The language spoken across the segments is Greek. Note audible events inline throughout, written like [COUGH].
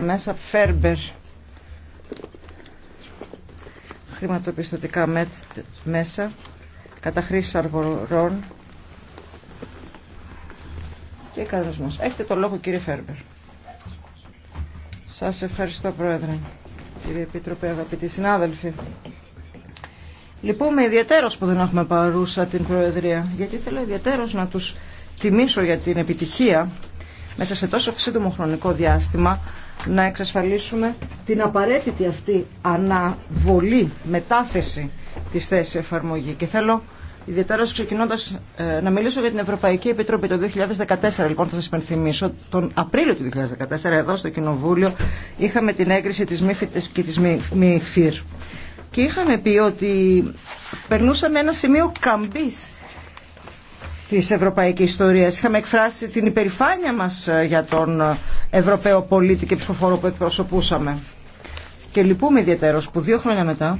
μέσα Φέρμπερ χρηματοπιστωτικά μέσα κατά χρήση αρβορών και κανονισμός. Έχετε τον λόγο κύριε Φέρμπερ. Σας ευχαριστώ Πρόεδρε, κύριε Επίτροπε, αγαπητοί συνάδελφοι. Λυπούμε ιδιαίτερος που δεν έχουμε παρούσα την Προεδρία, γιατί θέλω ιδιαίτερος να τους τιμήσω για την επιτυχία μέσα σε τόσο σύντομο χρονικό διάστημα να εξασφαλίσουμε την απαραίτητη αυτή αναβολή, μετάθεση της θέσης εφαρμογή. Και θέλω ιδιαίτερα ξεκινώντας ε, να μιλήσω για την Ευρωπαϊκή Επιτροπή το 2014. Λοιπόν, θα σας υπενθυμίσω, τον Απρίλιο του 2014 εδώ στο Κοινοβούλιο είχαμε την έγκριση της ΜΥΦΙΤΕΣ και της ΜΥΦΙΡ. Και είχαμε πει ότι περνούσαμε ένα σημείο καμπής της ευρωπαϊκής ιστορίας. Είχαμε εκφράσει την υπερηφάνεια μας ε, για τον ε, Ευρωπαίο πολίτη και ψηφοφόρο που εκπροσωπούσαμε. Και λυπούμε ιδιαίτερος που δύο χρόνια μετά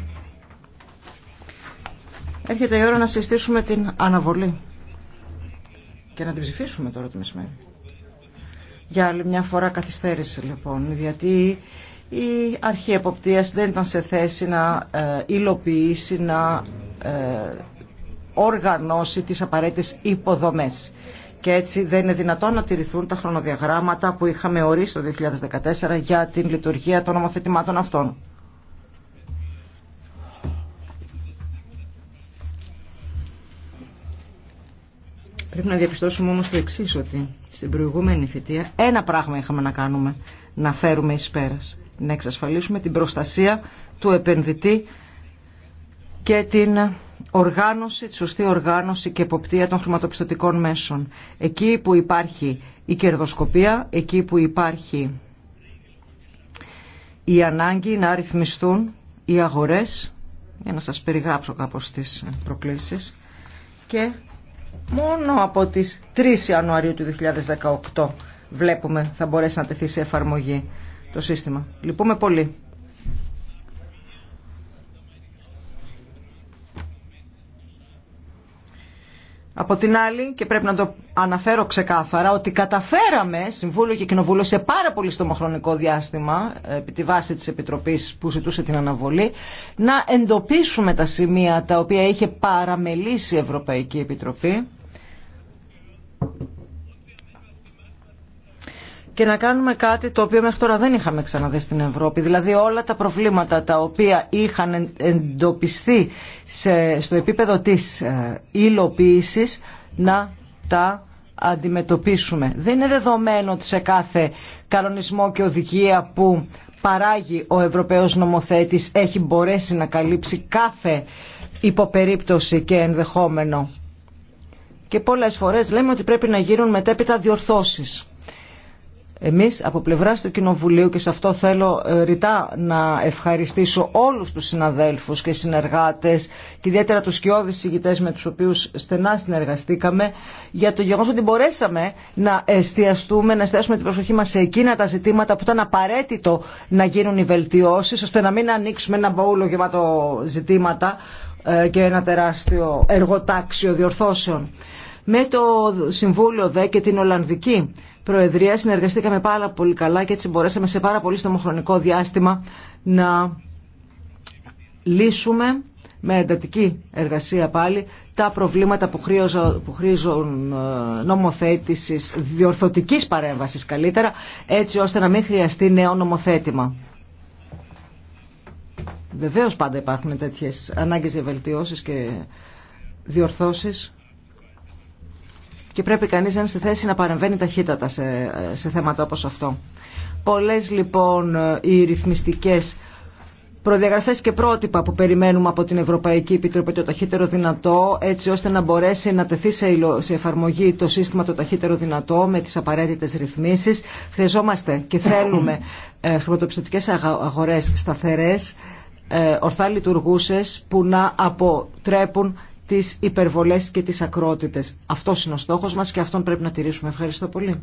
έρχεται η ώρα να συστήσουμε την αναβολή και να την ψηφίσουμε τώρα το μεσημέρι. Για άλλη μια φορά καθυστέρησε λοιπόν, γιατί η αρχή εποπτείας δεν ήταν σε θέση να ε, υλοποιήσει, να οργανώσει τις απαραίτητες υποδομές. Και έτσι δεν είναι δυνατόν να τηρηθούν τα χρονοδιαγράμματα που είχαμε ορίσει το 2014 για την λειτουργία των νομοθετημάτων αυτών. Πρέπει να διαπιστώσουμε όμως το εξή ότι στην προηγούμενη θητεία ένα πράγμα είχαμε να κάνουμε, να φέρουμε εις πέρας, να εξασφαλίσουμε την προστασία του επενδυτή και την οργάνωση, τη σωστή οργάνωση και εποπτεία των χρηματοπιστωτικών μέσων. Εκεί που υπάρχει η κερδοσκοπία, εκεί που υπάρχει η ανάγκη να ρυθμιστούν οι αγορές, για να σας περιγράψω κάπως τις προκλήσεις, και μόνο από τις 3 Ιανουαρίου του 2018 βλέπουμε θα μπορέσει να τεθεί σε εφαρμογή το σύστημα. Λυπούμε πολύ. Από την άλλη, και πρέπει να το αναφέρω ξεκάθαρα, ότι καταφέραμε Συμβούλιο και Κοινοβούλιο σε πάρα πολύ στομοχρονικό διάστημα, επί τη βάση Επιτροπής που ζητούσε την αναβολή, να εντοπίσουμε τα σημεία τα οποία είχε παραμελήσει η Ευρωπαϊκή Επιτροπή και να κάνουμε κάτι το οποίο μέχρι τώρα δεν είχαμε ξαναδεί στην Ευρώπη. Δηλαδή όλα τα προβλήματα τα οποία είχαν εντοπιστεί σε, στο επίπεδο της ε, να τα αντιμετωπίσουμε. Δεν είναι δεδομένο ότι σε κάθε κανονισμό και οδηγία που παράγει ο Ευρωπαίος νομοθέτης έχει μπορέσει να καλύψει κάθε υποπερίπτωση και ενδεχόμενο. Και πολλές φορές λέμε ότι πρέπει να γίνουν μετέπειτα διορθώσεις. Εμείς από πλευράς του Κοινοβουλίου και σε αυτό θέλω ε, ρητά να ευχαριστήσω όλους τους συναδέλφους και συνεργάτες και ιδιαίτερα τους σκιώδεις συγητές με τους οποίους στενά συνεργαστήκαμε για το γεγονός ότι μπορέσαμε να εστιαστούμε, να εστιάσουμε την προσοχή μας σε εκείνα τα ζητήματα που ήταν απαραίτητο να γίνουν οι βελτιώσεις ώστε να μην ανοίξουμε ένα μπαούλο γεμάτο ζητήματα ε, και ένα τεράστιο εργοτάξιο διορθώσεων. Με το Συμβούλιο ΔΕ και την Ολλανδική Προεδρία συνεργαστήκαμε πάρα πολύ καλά και έτσι μπορέσαμε σε πάρα πολύ στομοχρονικό διάστημα να λύσουμε με εντατική εργασία πάλι τα προβλήματα που, χρήζω, που χρήζουν ε, νομοθέτησης, διορθωτικής παρέμβασης καλύτερα, έτσι ώστε να μην χρειαστεί νέο νομοθέτημα. Βεβαίως πάντα υπάρχουν τέτοιες ανάγκες για βελτιώσεις και διορθώσεις και πρέπει κανείς να είναι στη θέση να παρεμβαίνει ταχύτατα σε, σε θέματα όπως αυτό. Πολλές λοιπόν οι ρυθμιστικές προδιαγραφές και πρότυπα που περιμένουμε από την Ευρωπαϊκή Επιτροπή το ταχύτερο δυνατό έτσι ώστε να μπορέσει να τεθεί σε εφαρμογή το σύστημα το ταχύτερο δυνατό με τις απαραίτητες ρυθμίσεις. Χρειαζόμαστε και θέλουμε ε, χρηματοπιστωτικές αγορές σταθερές, ε, ορθά λειτουργούσες που να αποτρέπουν τις υπερβολές και τις ακρότητες. Αυτός είναι ο στόχος μας και αυτόν πρέπει να τηρήσουμε. Ευχαριστώ πολύ.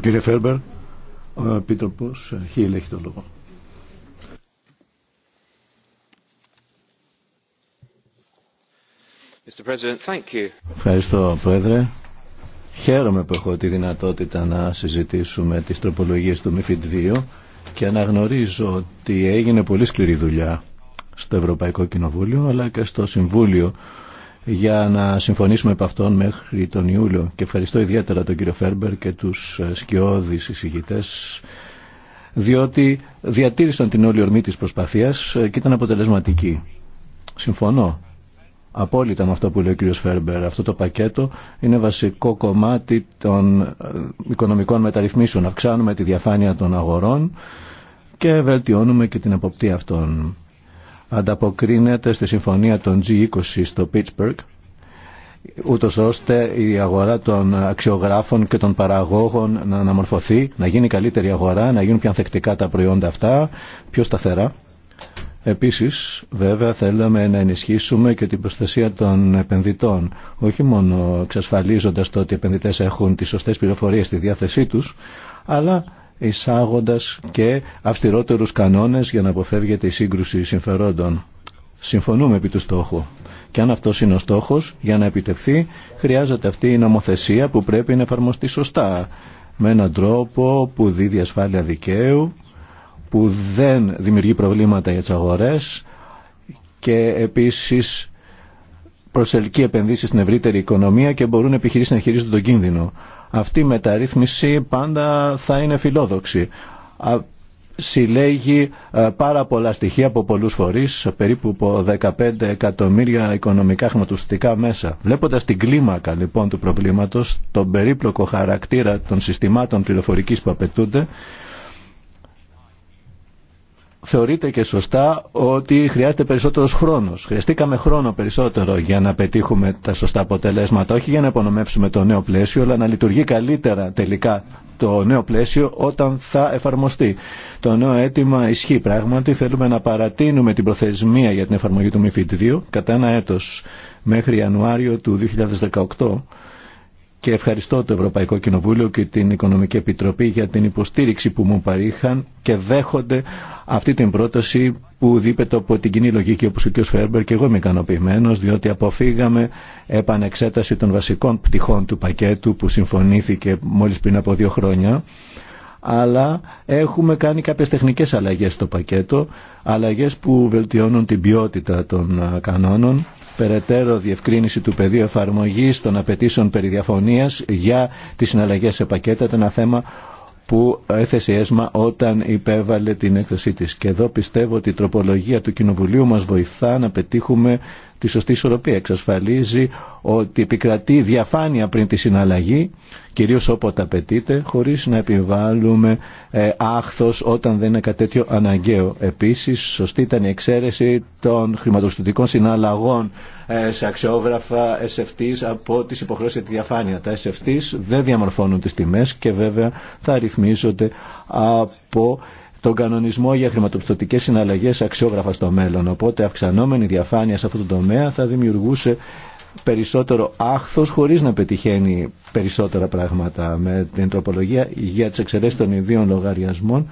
κύριε Φέρμπερ, ο Χίλ έχει Ευχαριστώ, Πρόεδρε. Χαίρομαι που έχω τη δυνατότητα να συζητήσουμε τις τροπολογίες του MIFID 2 και αναγνωρίζω ότι έγινε πολύ σκληρή δουλειά στο Ευρωπαϊκό Κοινοβούλιο αλλά και στο Συμβούλιο για να συμφωνήσουμε από αυτόν μέχρι τον Ιούλιο. Και ευχαριστώ ιδιαίτερα τον κύριο Φέρμπερ και τους ε, σκιώδεις εισηγητές διότι διατήρησαν την όλη ορμή της προσπαθίας ε, και ήταν αποτελεσματική. Συμφωνώ απόλυτα με αυτό που λέει ο κύριος Φέρμπερ. Αυτό το πακέτο είναι βασικό κομμάτι των ε, οικονομικών μεταρρυθμίσεων. Αυξάνουμε τη διαφάνεια των αγορών και βελτιώνουμε και την εποπτεία αυτών ανταποκρίνεται στη συμφωνία των G20 στο Pittsburgh ούτω ώστε η αγορά των αξιογράφων και των παραγόγων να αναμορφωθεί, να γίνει καλύτερη αγορά, να γίνουν πιο ανθεκτικά τα προϊόντα αυτά, πιο σταθερά. Επίσης, βέβαια, θέλουμε να ενισχύσουμε και την προστασία των επενδυτών, όχι μόνο εξασφαλίζοντας το ότι οι επενδυτές έχουν τις σωστές πληροφορίες στη διάθεσή τους, αλλά εισάγοντας και αυστηρότερους κανόνες για να αποφεύγεται η σύγκρουση συμφερόντων. Συμφωνούμε επί του στόχου. Και αν αυτός είναι ο στόχος, για να επιτευχθεί, χρειάζεται αυτή η νομοθεσία που πρέπει να εφαρμοστεί σωστά, με έναν τρόπο που δίδει ασφάλεια δικαίου, που δεν δημιουργεί προβλήματα για τις αγορές και επίσης προσελκύει επενδύσεις στην ευρύτερη οικονομία και μπορούν επιχειρήσεις να χειρίζονται τον κίνδυνο. Αυτή η μεταρρύθμιση πάντα θα είναι φιλόδοξη. Συλλέγει πάρα πολλά στοιχεία από πολλούς φορείς, περίπου 15 εκατομμύρια οικονομικά χρηματοστικά μέσα. Βλέποντας την κλίμακα λοιπόν του προβλήματος, τον περίπλοκο χαρακτήρα των συστημάτων πληροφορικής που απαιτούνται, θεωρείτε και σωστά ότι χρειάζεται περισσότερος χρόνος. Χρειαστήκαμε χρόνο περισσότερο για να πετύχουμε τα σωστά αποτελέσματα, όχι για να υπονομεύσουμε το νέο πλαίσιο, αλλά να λειτουργεί καλύτερα τελικά το νέο πλαίσιο όταν θα εφαρμοστεί. Το νέο αίτημα ισχύει πράγματι. Θέλουμε να παρατείνουμε την προθεσμία για την εφαρμογή του MIFID 2 κατά ένα έτος μέχρι Ιανουάριο του 2018 και ευχαριστώ το Ευρωπαϊκό Κοινοβούλιο και την Οικονομική Επιτροπή για την υποστήριξη που μου παρήχαν και δέχονται αυτή την πρόταση που δίπεται από την κοινή λογική όπως ο κ. Φέρμπερ και εγώ είμαι ικανοποιημένο, διότι αποφύγαμε επανεξέταση των βασικών πτυχών του πακέτου που συμφωνήθηκε μόλις πριν από δύο χρόνια αλλά έχουμε κάνει κάποιες τεχνικές αλλαγές στο πακέτο, αλλαγές που βελτιώνουν την ποιότητα των κανόνων, περαιτέρω διευκρίνηση του πεδίου εφαρμογή των απαιτήσεων περιδιαφωνίας για τις συναλλαγές σε πακέτα, ήταν ένα θέμα που έθεσε ΕΣΜΑ όταν υπέβαλε την έκθεσή της. Και εδώ πιστεύω ότι η τροπολογία του Κοινοβουλίου μας βοηθά να πετύχουμε τη σωστή ισορροπία. Εξασφαλίζει ότι επικρατεί διαφάνεια πριν τη συναλλαγή, κυρίως όποτε απαιτείται, χωρίς να επιβάλλουμε ε, άχθος όταν δεν είναι κάτι τέτοιο αναγκαίο. Επίσης, σωστή ήταν η εξαίρεση των χρηματοπιστωτικών συναλλαγών ε, σε αξιόγραφα SFTs από τις υποχρεώσεις για τη διαφάνεια. Τα SFTs δεν διαμορφώνουν τι τιμέ και βέβαια θα ρυθμίζονται από τον κανονισμό για χρηματοπιστωτικές συναλλαγές αξιόγραφα στο μέλλον. Οπότε αυξανόμενη διαφάνεια σε αυτό το τομέα θα δημιουργούσε περισσότερο άχθος χωρίς να πετυχαίνει περισσότερα πράγματα με την τροπολογία για τις εξαιρέσεις των ιδίων λογαριασμών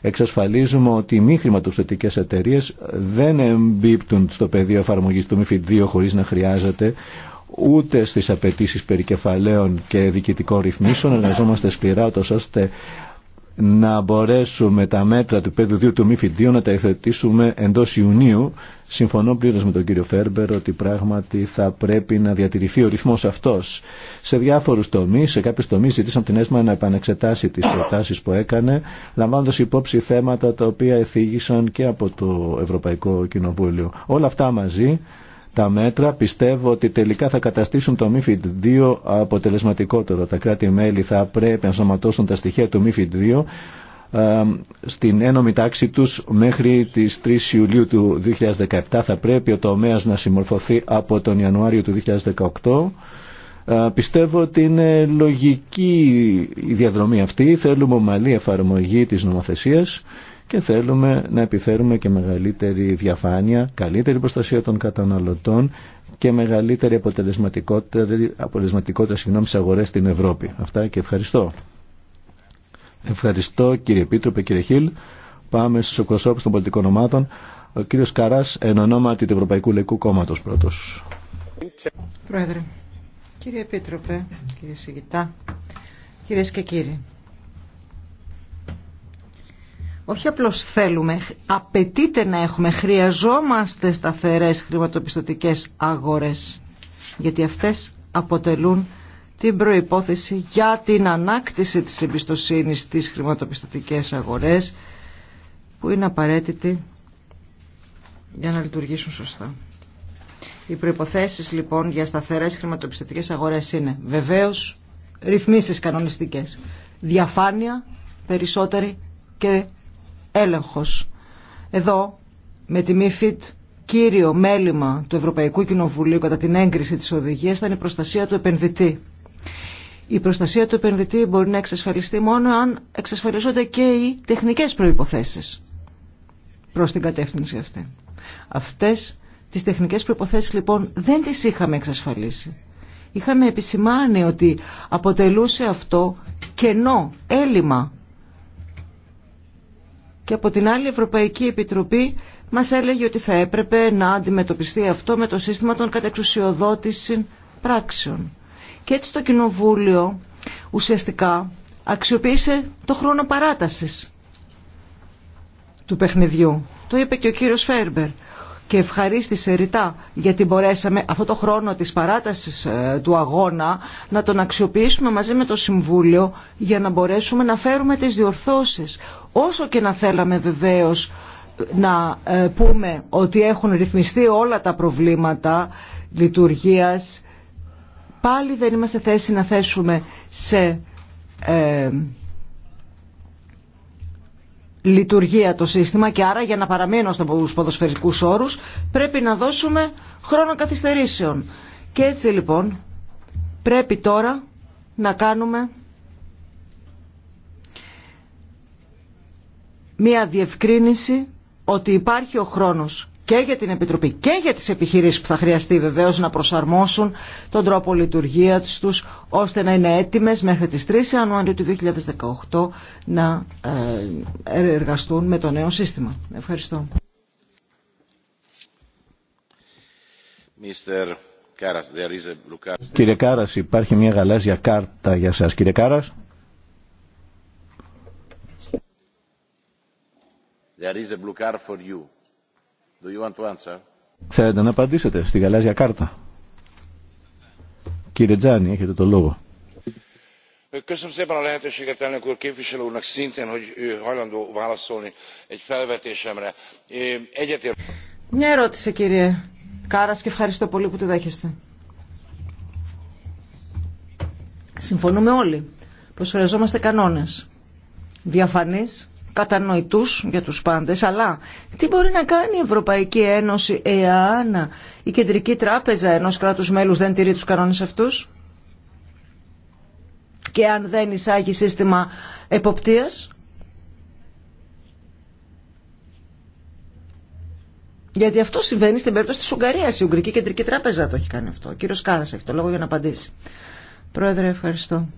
εξασφαλίζουμε ότι οι μη χρηματοπιστωτικές εταιρείε δεν εμπίπτουν στο πεδίο εφαρμογή του ΜΥΦΙΤ 2 χωρίς να χρειάζεται ούτε στις απαιτήσει περί και διοικητικών ρυθμίσεων εργαζόμαστε σκληρά ώστε να μπορέσουμε τα μέτρα του πέδου 2 του ΜΥΦΙΔΙΟ να τα εθετήσουμε εντός Ιουνίου. Συμφωνώ πλήρως με τον κύριο Φέρμπερ ότι πράγματι θα πρέπει να διατηρηθεί ο ρυθμός αυτός. Σε διάφορους τομείς, σε κάποιους τομείς ζητήσαμε την ΕΣΜΑ να επανεξετάσει τις προτάσεις που έκανε, λαμβάνοντας υπόψη θέματα τα οποία εθίγησαν και από το Ευρωπαϊκό Κοινοβούλιο. Όλα αυτά μαζί τα μέτρα πιστεύω ότι τελικά θα καταστήσουν το MIFID 2 αποτελεσματικότερο. Τα κράτη-μέλη θα πρέπει να σωματώσουν τα στοιχεία του MIFID 2 ε, στην ένωμη τάξη τους μέχρι τις 3 Ιουλίου του 2017 θα πρέπει ο τομέας να συμμορφωθεί από τον Ιανουάριο του 2018 ε, πιστεύω ότι είναι λογική η διαδρομή αυτή θέλουμε ομαλή εφαρμογή της νομοθεσίας και θέλουμε να επιφέρουμε και μεγαλύτερη διαφάνεια, καλύτερη προστασία των καταναλωτών και μεγαλύτερη αποτελεσματικότητα, συγγνώμη, σε αγορές στην Ευρώπη. Αυτά και ευχαριστώ. Ευχαριστώ κύριε Επίτροπε, κύριε Χίλ. Πάμε στους εκπροσώπους των πολιτικών ομάδων. Ο κύριος Καράς, εν ονόματι του Ευρωπαϊκού Λαϊκού Κόμματος πρώτος. Πρόεδρε, κύριε Επίτροπε, κύριε Σιγητά, κυρίες και κύριοι όχι απλώς θέλουμε, απαιτείται να έχουμε, χρειαζόμαστε σταθερές χρηματοπιστωτικές αγορές. Γιατί αυτές αποτελούν την προϋπόθεση για την ανάκτηση της εμπιστοσύνης στις χρηματοπιστωτικές αγορές που είναι απαραίτητη για να λειτουργήσουν σωστά. Οι προϋποθέσεις λοιπόν για σταθερές χρηματοπιστωτικές αγορές είναι βεβαίως ρυθμίσεις κανονιστικές, διαφάνεια περισσότερη και έλεγχος. Εδώ με τη ΜΥΦΙΤ, κύριο μέλημα του Ευρωπαϊκού Κοινοβουλίου κατά την έγκριση της οδηγίας ήταν η προστασία του επενδυτή. Η προστασία του επενδυτή μπορεί να εξασφαλιστεί μόνο αν εξασφαλίζονται και οι τεχνικές προϋποθέσεις προς την κατεύθυνση αυτή. Αυτές τις τεχνικές προϋποθέσεις λοιπόν δεν τις είχαμε εξασφαλίσει. Είχαμε επισημάνει ότι αποτελούσε αυτό κενό, έλλειμμα και από την άλλη η Ευρωπαϊκή Επιτροπή μας έλεγε ότι θα έπρεπε να αντιμετωπιστεί αυτό με το σύστημα των κατεξουσιοδότηση πράξεων. Και έτσι το Κοινοβούλιο ουσιαστικά αξιοποίησε το χρόνο παράτασης του παιχνιδιού. Το είπε και ο κύριος Φέρμπερ και ευχαρίστησε ρητά γιατί μπορέσαμε αυτό το χρόνο της παράτασης ε, του αγώνα να τον αξιοποιήσουμε μαζί με το Συμβούλιο για να μπορέσουμε να φέρουμε τις διορθώσεις. Όσο και να θέλαμε βεβαίως να ε, πούμε ότι έχουν ρυθμιστεί όλα τα προβλήματα λειτουργίας πάλι δεν είμαστε θέση να θέσουμε σε ε, λειτουργία το σύστημα και άρα για να παραμείνω στους ποδοσφαιρικούς όρους πρέπει να δώσουμε χρόνο καθυστερήσεων. Και έτσι λοιπόν πρέπει τώρα να κάνουμε μία διευκρίνηση ότι υπάρχει ο χρόνος και για την Επιτροπή και για τις επιχειρήσεις που θα χρειαστεί βεβαίως να προσαρμόσουν τον τρόπο λειτουργίας τους ώστε να είναι έτοιμες μέχρι τις 3 Ιανουαρίου του 2018 να ε, εργαστούν με το νέο σύστημα. Ευχαριστώ. Κύριε Κάρας, υπάρχει μια γαλάζια κάρτα για σας. Κύριε Κάρας. There is a blue card for you. Do Θέλετε να απαντήσετε στη γαλάζια κάρτα. Κύριε Τζάνι, έχετε το λόγο. Μια ερώτηση κύριε Κάρας και ευχαριστώ πολύ που τη δέχεστε. Συμφωνούμε όλοι πως χρειαζόμαστε κανόνες διαφανείς κατανοητούς για τους πάντες, αλλά τι μπορεί να κάνει η Ευρωπαϊκή Ένωση εάν η Κεντρική Τράπεζα ενός κράτους μέλους δεν τηρεί τους κανόνες αυτούς και αν δεν εισάγει σύστημα εποπτείας. Γιατί αυτό συμβαίνει στην περίπτωση της Ουγγαρίας. Η Ουγγρική Κεντρική Τράπεζα το έχει κάνει αυτό. Ο κύριος Κάρας έχει το λόγο για να απαντήσει. Πρόεδρε, ευχαριστώ.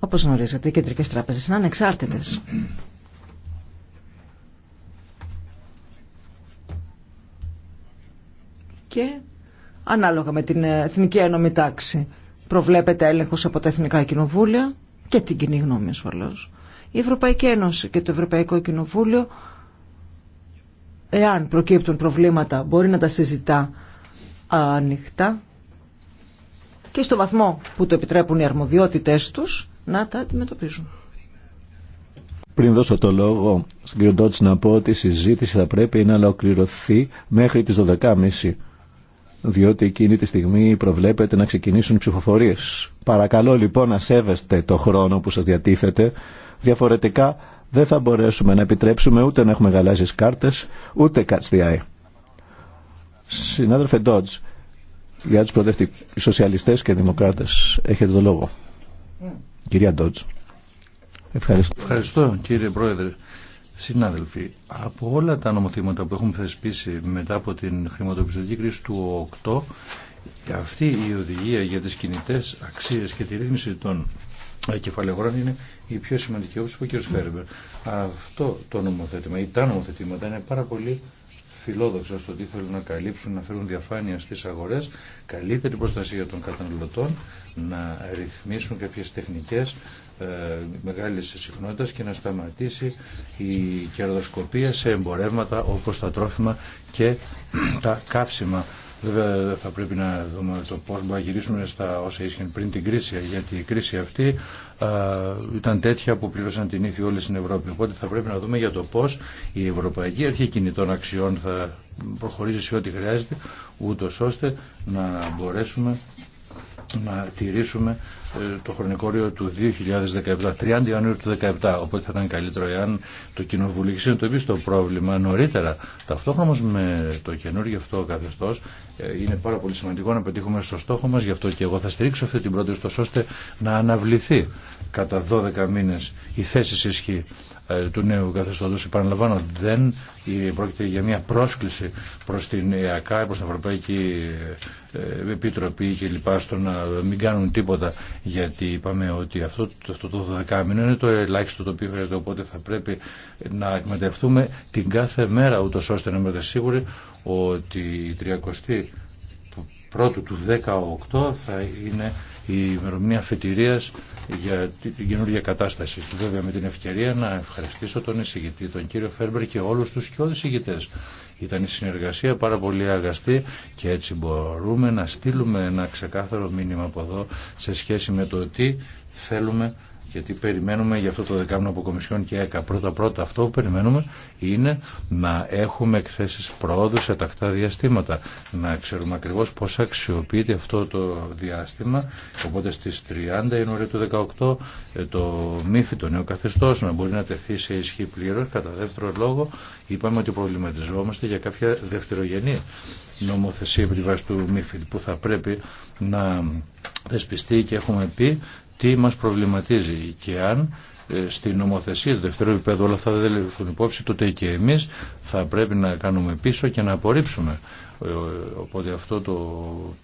Όπως γνωρίζετε, οι κεντρικές τράπεζες είναι ανεξάρτητες. Και ανάλογα με την Εθνική Ένωμη Τάξη προβλέπεται έλεγχος από τα Εθνικά Κοινοβούλια και την κοινή γνώμη ασφαλώς. Η Ευρωπαϊκή Ένωση και το Ευρωπαϊκό Κοινοβούλιο εάν προκύπτουν προβλήματα μπορεί να τα συζητά ανοιχτά και στο βαθμό που το επιτρέπουν οι αρμοδιότητες τους να τα αντιμετωπίζουν. Πριν δώσω το λόγο στην κύριο Ντότς να πω ότι η συζήτηση θα πρέπει να ολοκληρωθεί μέχρι τις 12.30 διότι εκείνη τη στιγμή προβλέπεται να ξεκινήσουν οι ψηφοφορίες. Παρακαλώ λοιπόν να σέβεστε το χρόνο που σας διατίθεται, διαφορετικά δεν θα μπορέσουμε να επιτρέψουμε ούτε να έχουμε γαλάζιες κάρτες, ούτε catch the eye. Συνάδελφε Ντότζ, για τους προοδευτικούς σοσιαλιστές και δημοκράτες, έχετε το λόγο. Mm. Κυρία Ευχαριστώ. Ευχαριστώ κύριε Πρόεδρε. Συνάδελφοι, από όλα τα νομοθήματα που έχουμε θεσπίσει μετά από την χρηματοπιστωτική κρίση του 8, αυτή η οδηγία για τις κινητές αξίες και τη ρύθμιση των κεφαλαιογρών είναι η πιο σημαντική όπως είπε ο κ. Φέρμπερ. Αυτό το νομοθέτημα ή τα νομοθετήματα είναι πάρα πολύ φιλόδοξα στο τι θέλουν να καλύψουν, να φέρουν διαφάνεια στις αγορές, καλύτερη προστασία των καταναλωτών, να ρυθμίσουν κάποιες τεχνικές ε, μεγάλης συχνότητας και να σταματήσει η κερδοσκοπία σε εμπορεύματα όπως τα τρόφιμα και [CLEARS THROAT] τα καύσιμα. Βέβαια θα πρέπει να δούμε το πώς μπορούμε να γυρίσουμε στα όσα ήσχαν πριν την κρίση, γιατί η κρίση αυτή ήταν τέτοια που πλήρωσαν την ύφη όλη στην Ευρώπη. Οπότε θα πρέπει να δούμε για το πώς η Ευρωπαϊκή Αρχή Κινητών Αξιών θα προχωρήσει σε ό,τι χρειάζεται, ούτως ώστε να μπορέσουμε να τηρήσουμε ε, το χρονικό όριο του 2017, 30 Ιανουαρίου του 2017. Οπότε θα ήταν καλύτερο εάν το Κοινοβούλιο το συνειδητοποιήσει το πρόβλημα νωρίτερα. Ταυτόχρονα με το καινούργιο αυτό καθεστώ ε, είναι πάρα πολύ σημαντικό να πετύχουμε στο στόχο μα. Γι' αυτό και εγώ θα στηρίξω αυτή την πρόταση, ώστε να αναβληθεί κατά 12 μήνε η θέση σε ισχύ ε, του νέου καθεστώτο. επαναλαμβάνω δεν πρόκειται για μια πρόσκληση προ την ΕΑΚΑ προ την Ευρωπαϊκή Επιτροπή και λοιπά στο να μην κάνουν τίποτα γιατί είπαμε ότι αυτό, το 12 μήνο είναι το ελάχιστο το οποίο χρειάζεται οπότε θα πρέπει να εκμεταλλευτούμε την κάθε μέρα ούτως ώστε να είμαστε σίγουροι ότι η 30 πρώτου του 18 θα είναι η ημερομηνία φετηρία για την καινούργια κατάσταση. Βέβαια με την ευκαιρία να ευχαριστήσω τον εισηγητή, τον κύριο Φέρμπερ και όλους τους και όλους ήταν η συνεργασία πάρα πολύ αγαστή και έτσι μπορούμε να στείλουμε ένα ξεκάθαρο μήνυμα από εδώ σε σχέση με το τι θέλουμε γιατί περιμένουμε για αυτό το δεκάμινο από Κομισιόν και ΕΚΑ. Πρώτα πρώτα αυτό που περιμένουμε είναι να έχουμε εκθέσεις πρόοδου σε τακτά διαστήματα. Να ξέρουμε ακριβώς πώς αξιοποιείται αυτό το διάστημα. Οπότε στις 30 Ιανουαρίου του 2018 ε, το μύφι, το νέο καθεστώς να μπορεί να τεθεί σε ισχύ πλήρως. Κατά δεύτερο λόγο είπαμε ότι προβληματιζόμαστε για κάποια δευτερογενή νομοθεσία επί του μύθι που θα πρέπει να δεσπιστεί και έχουμε πει τι μας προβληματίζει και αν ε, στην νομοθεσία του δευτερού επίπεδου όλα αυτά δεν λεφθούν υπόψη, τότε και εμείς θα πρέπει να κάνουμε πίσω και να απορρίψουμε. Ε, οπότε αυτό το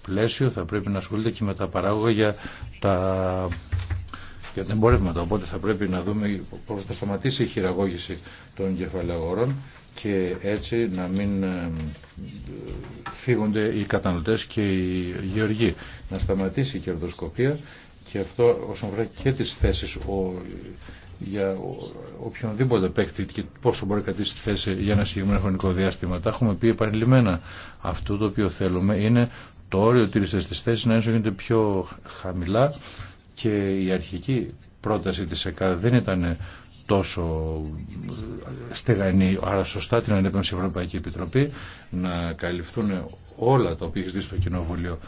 πλαίσιο θα πρέπει να ασχολείται και με τα παράγωγα για τα για εμπορεύματα. Οπότε θα πρέπει να δούμε πώς θα σταματήσει η χειραγώγηση των κεφαλαίων και έτσι να μην ε, φύγονται οι καταναλωτές και οι γεωργοί. Να σταματήσει η κερδοσκοπία και αυτό όσον αφορά και τις θέσεις για οποιονδήποτε παίκτη και πόσο μπορεί να κρατήσει τη θέση για ένα συγκεκριμένο χρονικό διάστημα. Τα έχουμε πει επανειλημμένα. Αυτό το οποίο θέλουμε είναι το όριο τήρησης της θέσης να γίνεται πιο χαμηλά και η αρχική πρόταση της ΕΚΑ δεν ήταν τόσο στεγανή, άρα σωστά την ανέπνευσε η Ευρωπαϊκή Επιτροπή να καλυφθούν όλα τα οποία έχει δει στο Κοινοβούλιο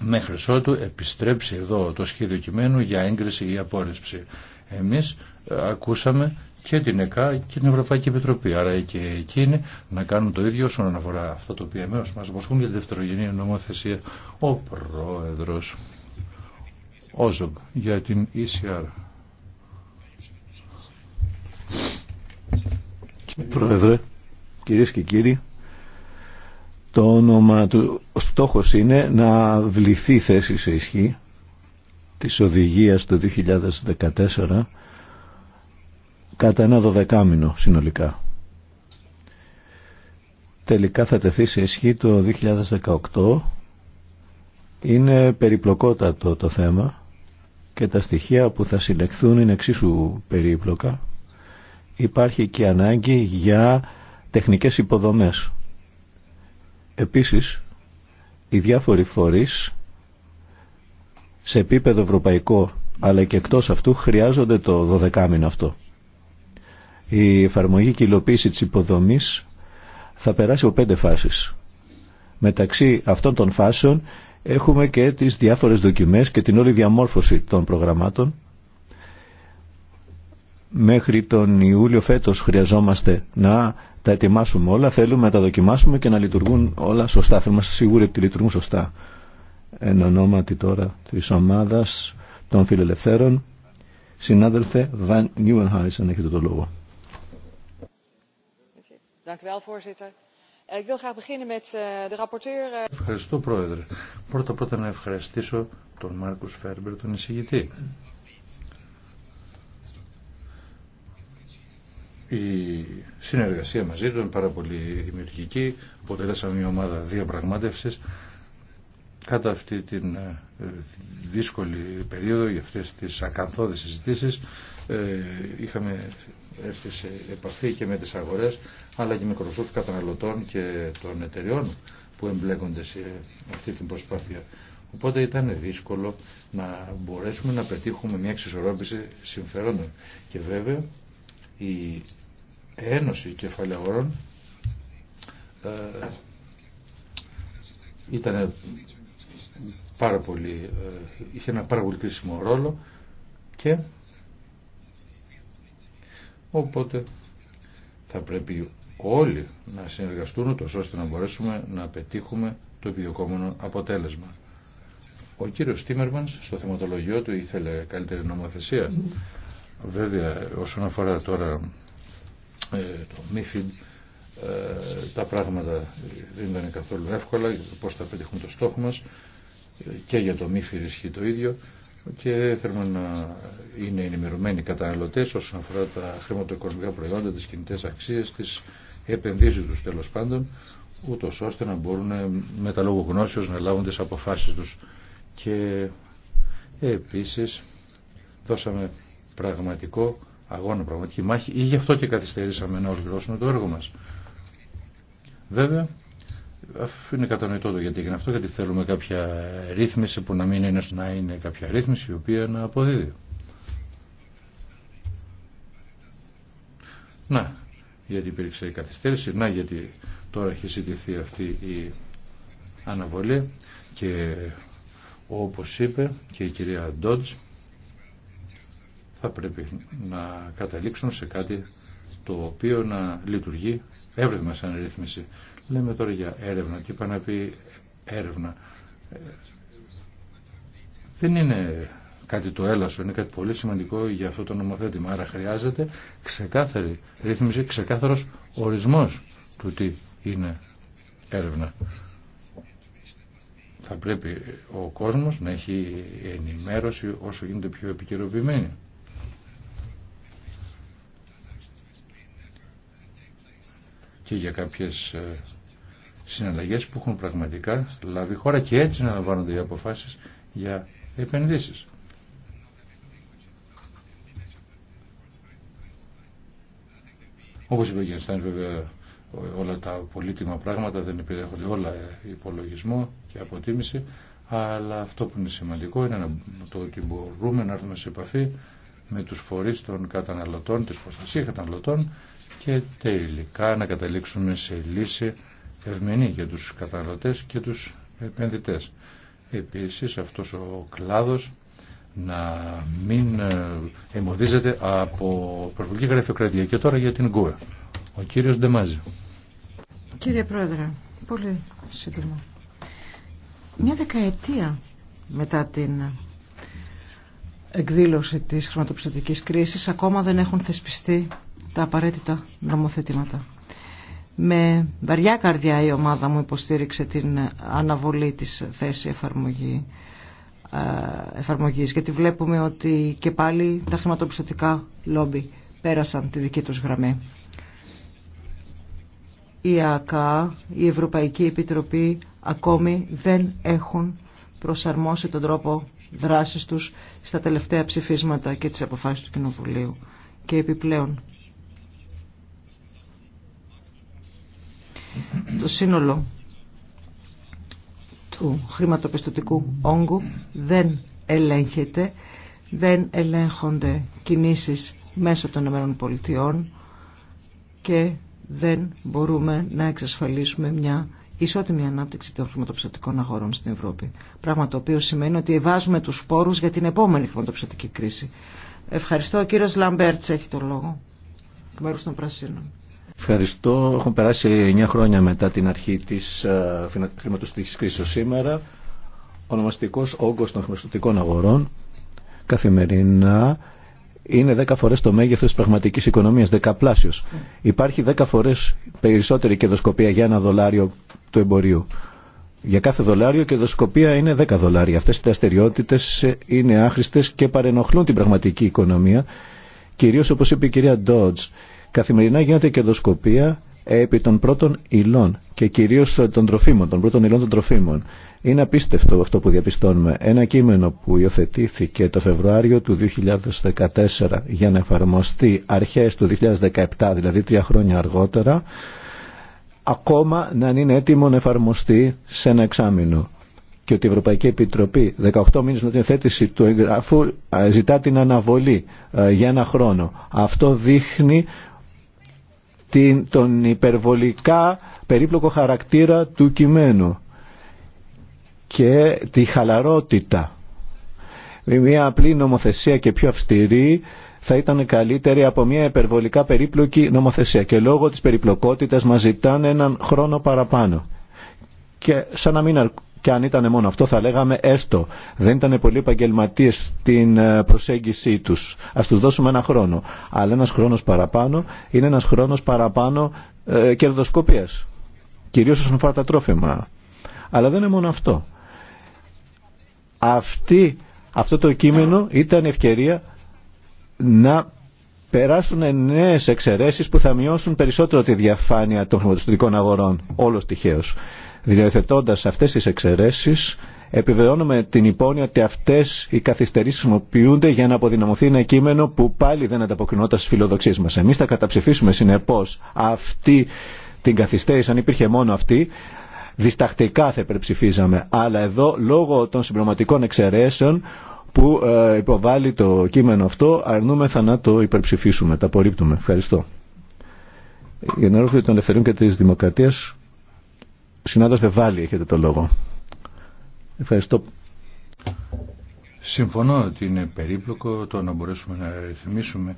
μέχρι ότου επιστρέψει εδώ το σχέδιο κειμένου για έγκριση ή απόρριψη. Εμείς ε, ακούσαμε και την ΕΚΑ και την Ευρωπαϊκή Επιτροπή. Άρα και εκείνοι να κάνουν το ίδιο όσον αφορά αυτό το οποίο εμείς μας απασχούν για τη δευτερογενή νομοθεσία. Ο Πρόεδρος Όζογκ για την ECR. Πρόεδρε, κυρίες και κύριοι, το όνομα του ο στόχος είναι να βληθεί θέση σε ισχύ της οδηγίας το 2014 κατά ένα δωδεκάμινο συνολικά. Τελικά θα τεθεί σε ισχύ το 2018. Είναι περιπλοκότατο το θέμα και τα στοιχεία που θα συλλεχθούν είναι εξίσου περίπλοκα. Υπάρχει και ανάγκη για τεχνικές υποδομές Επίσης, οι διάφοροι φορείς σε επίπεδο ευρωπαϊκό αλλά και εκτός αυτού χρειάζονται το 12 αυτό. Η εφαρμογή και η υλοποίηση της υποδομής θα περάσει από πέντε φάσεις. Μεταξύ αυτών των φάσεων έχουμε και τις διάφορες δοκιμές και την όλη διαμόρφωση των προγραμμάτων. Μέχρι τον Ιούλιο φέτος χρειαζόμαστε να τα ετοιμάσουμε όλα, θέλουμε να τα δοκιμάσουμε και να λειτουργούν όλα σωστά. Θέλουμε να είμαστε σίγουροι ότι λειτουργούν σωστά. Εν ονόματι τώρα τη ομάδα των φιλελευθέρων, συνάδελφε Βαν αν έχετε το λόγο. Ευχαριστώ, Πρόεδρε. Πρώτα-πρώτα να ευχαριστήσω τον Μάρκους Φέρμπερ, τον εισηγητή Η συνεργασία μαζί του είναι πάρα πολύ δημιουργική. Αποτελέσαμε μια ομάδα διαπραγματεύση κατά αυτή την ε, δύσκολη περίοδο για αυτές τις ακαθόδες συζητήσεις ε, είχαμε έρθει σε επαφή και με τις αγορές αλλά και με κροσούς καταναλωτών και των εταιριών που εμπλέκονται σε αυτή την προσπάθεια. Οπότε ήταν δύσκολο να μπορέσουμε να πετύχουμε μια εξισορρόπηση συμφερόντων. Και βέβαια η Ένωση κεφαλαίων ε, ήταν πάρα πολύ, ε, είχε ένα πάρα πολύ κρίσιμο ρόλο και οπότε θα πρέπει όλοι να συνεργαστούν τόσο ώστε να μπορέσουμε να πετύχουμε το επιδιωκόμενο αποτέλεσμα. Ο κύριος Τίμερμανς στο θεματολογιό του ήθελε καλύτερη νομοθεσία. Βέβαια όσον αφορά τώρα το MIFID ε, τα πράγματα δεν ήταν καθόλου εύκολα πώς θα πετυχούν το στόχο μας και για το MIFID ισχύει το ίδιο και θέλουμε να είναι ενημερωμένοι καταναλωτέ όσον αφορά τα χρηματοοικονομικά προϊόντα, τι κινητέ αξίε, τι επενδύσει του τέλο πάντων, ούτω ώστε να μπορούν ε, με τα λόγω γνώσεω να λάβουν τι αποφάσει του. Και επίση δώσαμε πραγματικό αγώνα, πραγματική μάχη ή γι' αυτό και καθυστερήσαμε να ολοκληρώσουμε το έργο μας. Βέβαια, είναι κατανοητό το γιατί έγινε αυτό, γιατί θέλουμε κάποια ρύθμιση που να μην είναι, να είναι κάποια ρύθμιση η οποία να αποδίδει. Να, γιατί υπήρξε η καθυστέρηση, να γιατί τώρα έχει ζητηθεί αυτή η αναβολή και όπως είπε και η κυρία Ντότζ, θα πρέπει να καταλήξουν σε κάτι το οποίο να λειτουργεί εύρευμα σαν ρύθμιση. Λέμε τώρα για έρευνα. Τι είπα να πει έρευνα. Δεν είναι κάτι το έλασο, είναι κάτι πολύ σημαντικό για αυτό το νομοθέτημα. Άρα χρειάζεται ξεκάθαρη ρύθμιση, ξεκάθαρος ορισμός του τι είναι έρευνα. Θα πρέπει ο κόσμος να έχει ενημέρωση όσο γίνεται πιο επικαιροποιημένη. και για κάποιες ε, συναλλαγές που έχουν πραγματικά λάβει χώρα και έτσι να λαμβάνονται οι αποφάσεις για επενδύσεις. Όπως είπε ο βέβαια όλα τα πολύτιμα πράγματα δεν επιδέχονται όλα υπολογισμό και αποτίμηση, αλλά αυτό που είναι σημαντικό είναι το ότι μπορούμε να έρθουμε σε επαφή με τους φορείς των καταναλωτών, της προστασίας καταναλωτών και τελικά να καταλήξουμε σε λύση ευμενή για τους καταναλωτές και τους επενδυτές. Επίσης αυτός ο κλάδος να μην ε, εμποδίζεται από προβλητική γραφειοκρατία. Και τώρα για την ΚΟΕ. Ο κύριος Ντεμάζη. Κύριε Πρόεδρε, πολύ σύντομα. Μια δεκαετία μετά την εκδήλωση της χρηματοπιστωτικής κρίσης ακόμα δεν έχουν θεσπιστεί τα απαραίτητα νομοθετήματα. Με βαριά καρδιά η ομάδα μου υποστήριξε την αναβολή της θέση εφαρμογή, ε, εφαρμογής γιατί βλέπουμε ότι και πάλι τα χρηματοπιστωτικά λόμπι πέρασαν τη δική τους γραμμή. Η ΑΚΑ, η Ευρωπαϊκή Επιτροπή ακόμη δεν έχουν προσαρμόσει τον τρόπο δράσης τους στα τελευταία ψηφίσματα και τις αποφάσεις του Κοινοβουλίου. Και επιπλέον το σύνολο του χρηματοπιστωτικού όγκου δεν ελέγχεται, δεν ελέγχονται κινήσεις μέσω των ΗΠΑ και δεν μπορούμε να εξασφαλίσουμε μια ισότιμη ανάπτυξη των χρηματοπιστωτικών αγορών στην Ευρώπη. Πράγμα το οποίο σημαίνει ότι βάζουμε τους σπόρους για την επόμενη χρηματοπιστωτική κρίση. Ευχαριστώ. Ο κύριος Λαμπέρτς έχει το λόγο. Μέρος των Πρασίνων. Ευχαριστώ. Έχουν περάσει 9 χρόνια μετά την αρχή της ε, χρηματοστοιχική κρίση σήμερα. Ονομαστικό όγκο των χρηματοστοιχικών αγορών καθημερινά είναι 10 φορέ το μέγεθος της πραγματικής οικονομίας, δεκαπλάσιος. Υπάρχει 10 φορέ περισσότερη κερδοσκοπία για ένα δολάριο του εμπορίου. Για κάθε δολάριο κερδοσκοπία είναι 10 δολάρια. Αυτές οι δραστηριότητε είναι άχρηστες και παρενοχλούν την πραγματική οικονομία, κυρίως όπως είπε η κυρία Ντότζ Καθημερινά γίνεται κερδοσκοπία επί των πρώτων υλών και κυρίως των τροφίμων, των πρώτων υλών των τροφίμων. Είναι απίστευτο αυτό που διαπιστώνουμε. Ένα κείμενο που υιοθετήθηκε το Φεβρουάριο του 2014 για να εφαρμοστεί αρχές του 2017, δηλαδή τρία χρόνια αργότερα, ακόμα να είναι έτοιμο να εφαρμοστεί σε ένα εξάμεινο. Και ότι η Ευρωπαϊκή Επιτροπή 18 μήνες με την θέτηση του εγγράφου ε, ζητά την αναβολή ε, για ένα χρόνο. Αυτό δείχνει την, τον υπερβολικά περίπλοκο χαρακτήρα του κειμένου και τη χαλαρότητα. Μια απλή νομοθεσία και πιο αυστηρή θα ήταν καλύτερη από μια υπερβολικά περίπλοκη νομοθεσία και λόγω της περιπλοκότητας μας ζητάνε έναν χρόνο παραπάνω. Και σαν να μην και αν ήταν μόνο αυτό θα λέγαμε έστω. Δεν ήταν πολλοί επαγγελματίε στην ε, προσέγγιση τους. Ας τους δώσουμε ένα χρόνο. Αλλά ένας χρόνος παραπάνω είναι ένας χρόνος παραπάνω ε, κερδοσκοπίας. Κυρίως όσον αφορά τα τρόφιμα. Αλλά δεν είναι μόνο αυτό. Αυτή, αυτό το κείμενο ήταν ευκαιρία να περάσουν νέε εξαιρέσει που θα μειώσουν περισσότερο τη διαφάνεια των χρηματοδοτικών αγορών. Όλο τυχαίω. Διαθετώντας αυτές τις εξαιρέσεις, επιβεβαιώνουμε την υπόνοια ότι αυτές οι καθυστερήσεις χρησιμοποιούνται για να αποδυναμωθεί ένα κείμενο που πάλι δεν ανταποκρινόταν στις φιλοδοξίες μας. Εμείς θα καταψηφίσουμε συνεπώς αυτή την καθυστέρηση, αν υπήρχε μόνο αυτή, διστακτικά θα υπερψηφίζαμε. Αλλά εδώ, λόγω των συμπληρωματικών εξαιρέσεων που ε, υποβάλλει το κείμενο αυτό, αρνούμεθα να το υπερψηφίσουμε, τα απορρίπτουμε. Ευχαριστώ. και Συνάδελφε Βάλλη, έχετε το λόγο. Ευχαριστώ. Συμφωνώ ότι είναι περίπλοκο το να μπορέσουμε να ρυθμίσουμε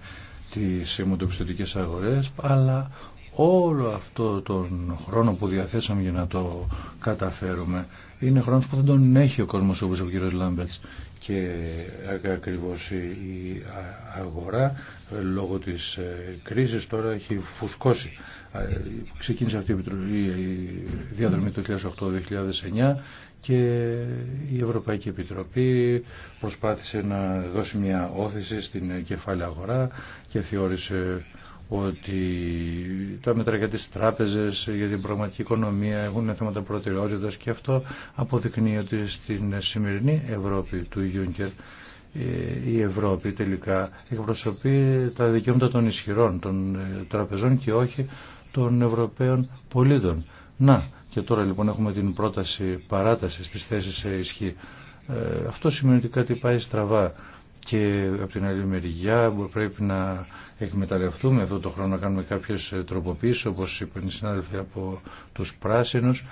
τις αιμοτοπιστωτικές αγορές, αλλά όλο αυτό τον χρόνο που διαθέσαμε για να το καταφέρουμε είναι χρόνο που δεν τον έχει ο κόσμος όπως ο κ. Λάμπερτς και ακριβώς η αγορά ε, λόγω της ε, κρίσης τώρα έχει φουσκώσει. Ε, ξεκίνησε αυτή η διαδρομή το 2008-2009 και η Ευρωπαϊκή Επιτροπή προσπάθησε να δώσει μια όθηση στην κεφάλαια αγορά και θεώρησε ότι τα μέτρα για τις τράπεζες, για την πραγματική οικονομία έχουν θέματα προτεραιότητας και αυτό αποδεικνύει ότι στην σημερινή Ευρώπη του Ιούνκερ ε, η Ευρώπη τελικά εκπροσωπεί τα δικαιώματα των ισχυρών, των ε, τραπεζών και όχι των Ευρωπαίων πολίτων. Να, και τώρα λοιπόν έχουμε την πρόταση παράταση της θέση σε ισχύ. Ε, αυτό σημαίνει ότι κάτι πάει στραβά και από την άλλη μεριά πρέπει να εκμεταλλευτούμε εδώ το χρόνο να κάνουμε κάποιες ε, τροποποίησεις όπως είπαν οι συνάδελφοι από τους πράσινους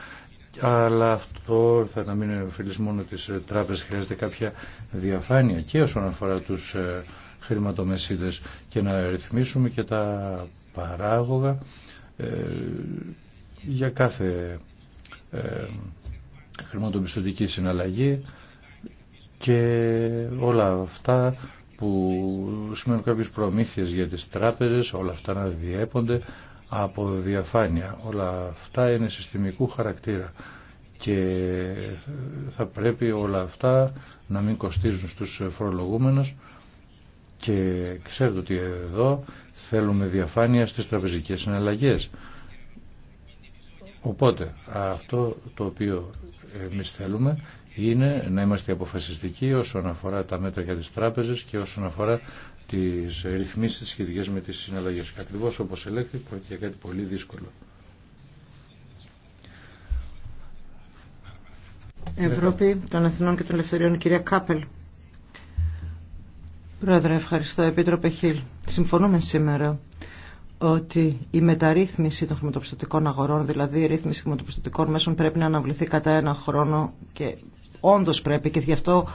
αλλά αυτό θα να μην είναι μόνο της ε, τράπεζας. χρειάζεται κάποια διαφάνεια και όσον αφορά τους χρηματομεσίδες και να ρυθμίσουμε και τα παράγωγα για κάθε ε, χρηματοπιστωτική συναλλαγή και όλα αυτά που σημαίνουν κάποιες προμήθειες για τις τράπεζες, όλα αυτά να διέπονται από διαφάνεια. Όλα αυτά είναι συστημικού χαρακτήρα και θα πρέπει όλα αυτά να μην κοστίζουν στους φορολογούμενους και ξέρετε ότι εδώ θέλουμε διαφάνεια στις τραπεζικές συναλλαγές. Οπότε αυτό το οποίο εμεί θέλουμε είναι να είμαστε αποφασιστικοί όσον αφορά τα μέτρα για τις τράπεζες και όσον αφορά τις ρυθμίσεις σχετικές με τις συναλλαγές. Ακριβώς όπως ελέγχθη, πρόκειται για κάτι πολύ δύσκολο. Ευρώπη των Εθνών και των Ελευθεριών, κυρία Κάπελ. Πρόεδρε, ευχαριστώ. Επίτροπε Χίλ. Συμφωνούμε σήμερα ότι η μεταρρύθμιση των χρηματοπιστωτικών αγορών, δηλαδή η ρύθμιση χρηματοπιστωτικών μέσων πρέπει να αναβληθεί κατά ένα χρόνο και όντως πρέπει και γι' αυτό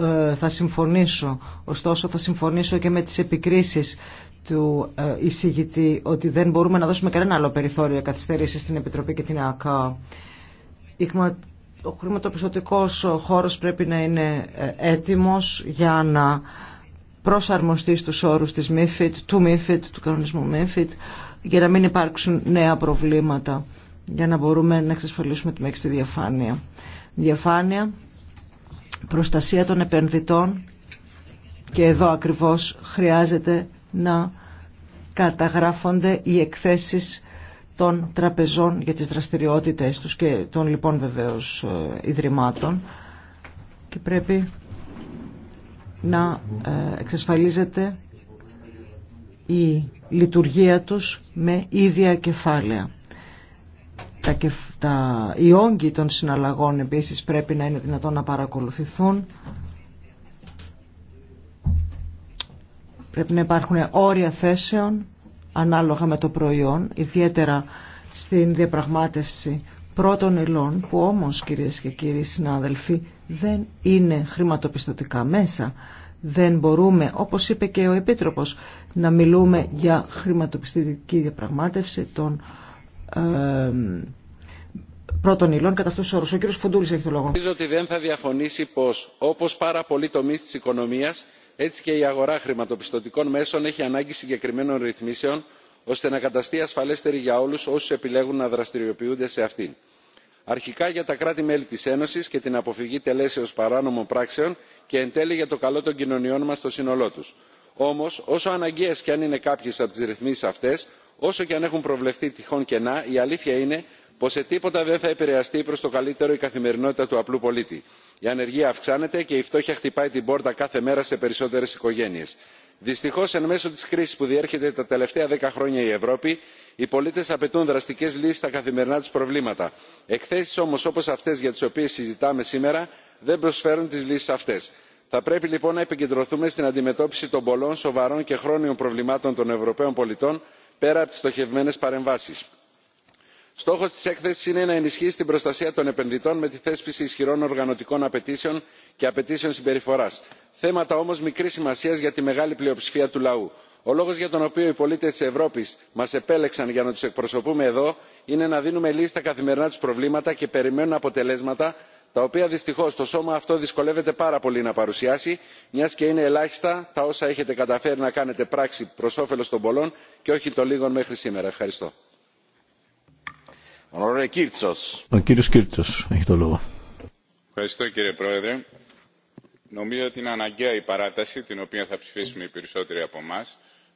ε, θα συμφωνήσω. Ωστόσο θα συμφωνήσω και με τις επικρίσεις του ε, εισηγητή ότι δεν μπορούμε να δώσουμε κανένα άλλο περιθώριο καθυστέρηση στην Επιτροπή και την ΑΚΑ. Ο χρηματοπιστωτικός χώρος πρέπει να είναι ε, έτοιμος για να προσαρμοστεί στους όρους της MIFID, του MIFID, του κανονισμού MIFID, για να μην υπάρξουν νέα προβλήματα, για να μπορούμε να εξασφαλίσουμε τη μέγιστη διαφάνεια. Διαφάνεια, προστασία των επενδυτών και εδώ ακριβώς χρειάζεται να καταγράφονται οι εκθέσεις των τραπεζών για τις δραστηριότητες τους και των λοιπόν βεβαίως ε, ιδρυμάτων και πρέπει να ε, εξασφαλίζεται η λειτουργία τους με ίδια κεφάλαια. Τα, τα, οι όγκοι των συναλλαγών επίσης πρέπει να είναι δυνατόν να παρακολουθηθούν. Πρέπει να υπάρχουν όρια θέσεων ανάλογα με το προϊόν, ιδιαίτερα στην διαπραγμάτευση πρώτων υλών, που όμως κυρίες και κύριοι συνάδελφοι δεν είναι χρηματοπιστωτικά μέσα. Δεν μπορούμε, όπως είπε και ο Επίτροπος, να μιλούμε για χρηματοπιστωτική διαπραγμάτευση των ε, πρώτων υλών κατά αυτούς τους όρους. Ο κύριος Φουντούλης έχει το λόγο. Νομίζω ότι δεν θα διαφωνήσει πως, όπως πάρα πολλοί τομείς της οικονομίας, έτσι και η αγορά χρηματοπιστωτικών μέσων έχει ανάγκη συγκεκριμένων ρυθμίσεων, ώστε να καταστεί ασφαλέστερη για όλους όσους επιλέγουν να δραστηριοποιούνται σε αυτήν αρχικά για τα κράτη μέλη της ένωσης και την αποφυγή τελέσεως παράνομων πράξεων και εν τέλει για το καλό των κοινωνιών μας στο σύνολό τους. όμως όσο αναγκαίες και αν είναι κάποιες από τις ρυθμίσεις αυτές όσο και αν έχουν προβλεφθεί τυχόν κενά η αλήθεια είναι πω σε τίποτα δεν θα επηρεαστεί προ το καλύτερο η καθημερινότητα του απλού πολίτη. η ανεργία αυξάνεται και η φτώχεια χτυπάει την πόρτα κάθε μέρα σε περισσότερε οικογένειε δυστυχώ εν μέσω τη κρίση που διέρχεται τα τελευταία δέκα χρόνια η ευρώπη οι πολίτε απαιτούν δραστικέ λύσει στα καθημερινά του προβλήματα. εκθέσει όμω όπω αυτέ για τι οποίε συζητάμε σήμερα δεν προσφέρουν τι λύσει αυτέ. θα πρέπει λοιπόν να επικεντρωθούμε στην αντιμετώπιση των πολλών σοβαρών και χρόνιων προβλημάτων των ευρωπαίων πολιτών πέρα από τι στοχευμένε παρεμβάσει στόχος της έκθεσης είναι να ενισχύσει την προστασία των επενδυτών με τη θέσπιση ισχυρών οργανωτικών απαιτήσεων και απαιτήσεων συμπεριφοράς θέματα όμως μικρής σημασίας για τη μεγάλη πλειοψηφία του λαού. ο λόγος για τον οποίο οι πολίτες της ευρώπης μας επέλεξαν για να τους εκπροσωπούμε εδώ είναι να δίνουμε λύση στα καθημερινά τους προβλήματα και περιμένουν αποτελέσματα τα οποία δυστυχώς το σώμα αυτό δυσκολεύεται πάρα πολύ να παρουσιάσει μιας και είναι ελάχιστα τα όσα έχετε καταφέρει να κάνετε πράξη προς όφελος των πολλών και όχι των λίγων μέχρι σήμερα. ευχαριστώ. Ο κύριος Κίρτσος το λόγο. κύριε Πρόεδρε. Νομίζω ότι είναι αναγκαία η παράταση την οποία θα ψηφίσουμε οι περισσότεροι από εμά.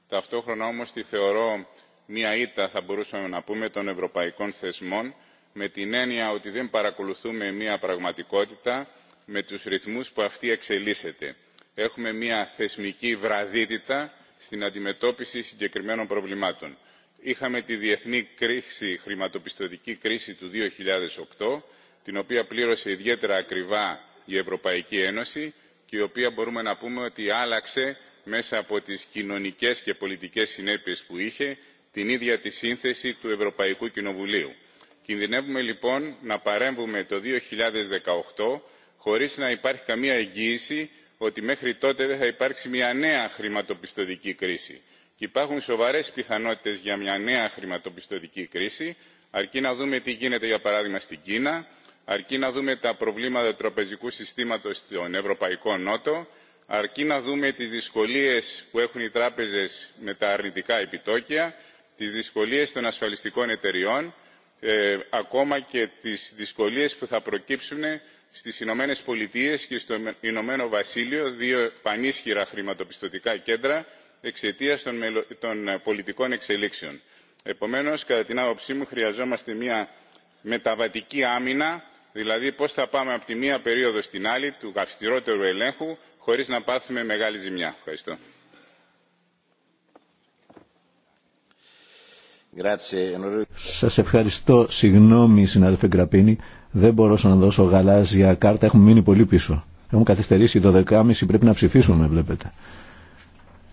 Ταυτόχρονα όμως τη θεωρώ μία ήττα θα μπορούσαμε να πούμε των ευρωπαϊκών θεσμών με την έννοια ότι δεν παρακολουθούμε μία πραγματικότητα με τους ρυθμούς που αυτή εξελίσσεται. Έχουμε μία θεσμική βραδύτητα στην αντιμετώπιση συγκεκριμένων προβλημάτων είχαμε τη διεθνή χρηματοπιστωτική κρίση του 2008, την οποία πλήρωσε ιδιαίτερα ακριβά η Ευρωπαϊκή Ένωση και η οποία μπορούμε να πούμε ότι άλλαξε μέσα από τις κοινωνικές και πολιτικές συνέπειες που είχε την ίδια τη σύνθεση του Ευρωπαϊκού Κοινοβουλίου. Κινδυνεύουμε λοιπόν να παρέμβουμε το 2018 χωρίς να υπάρχει καμία εγγύηση ότι μέχρι τότε δεν θα υπάρξει μια νέα χρηματοπιστωτική κρίση και υπάρχουν σοβαρές πιθανότητες για μια νέα χρηματοπιστωτική κρίση αρκεί να δούμε τι γίνεται για παράδειγμα στην κίνα αρκεί να δούμε τα προβλήματα του τραπεζικού συστήματος στον ευρωπαϊκό νότο αρκεί να δούμε τις δυσκολίες που έχουν οι τράπεζες με τα αρνητικά επιτόκια τις δυσκολίες των ασφαλιστικών εταιριών ε, ακόμα και τις δυσκολίες που θα προκύψουν στις ηνωμένε πολιτείες και στο ηνωμένο βασίλειο δύο πανίσχυρα χρηματοπιστωτικά κέντρα εξαιτία των ε, πολιτικών εξελίξεων. επομένω κατά την άποψή μου χρειαζόμαστε μια μεταβατική άμυνα δηλαδή πώ θα πάμε από τη μία περίοδο στην άλλη του αυστηρότερου ελέγχου χωρί να πάθουμε μεγάλη ζημιά. ευχαριστώ. Σας ευχαριστώ. Συγγνώμη, συνάδελφε Γκραπίνη. Δεν μπορούσα να δώσω γαλάζια κάρτα. Έχουμε μείνει πολύ πίσω. Έχουμε καθυστερήσει 12.30. Πρέπει να ψηφίσουμε, βλέπετε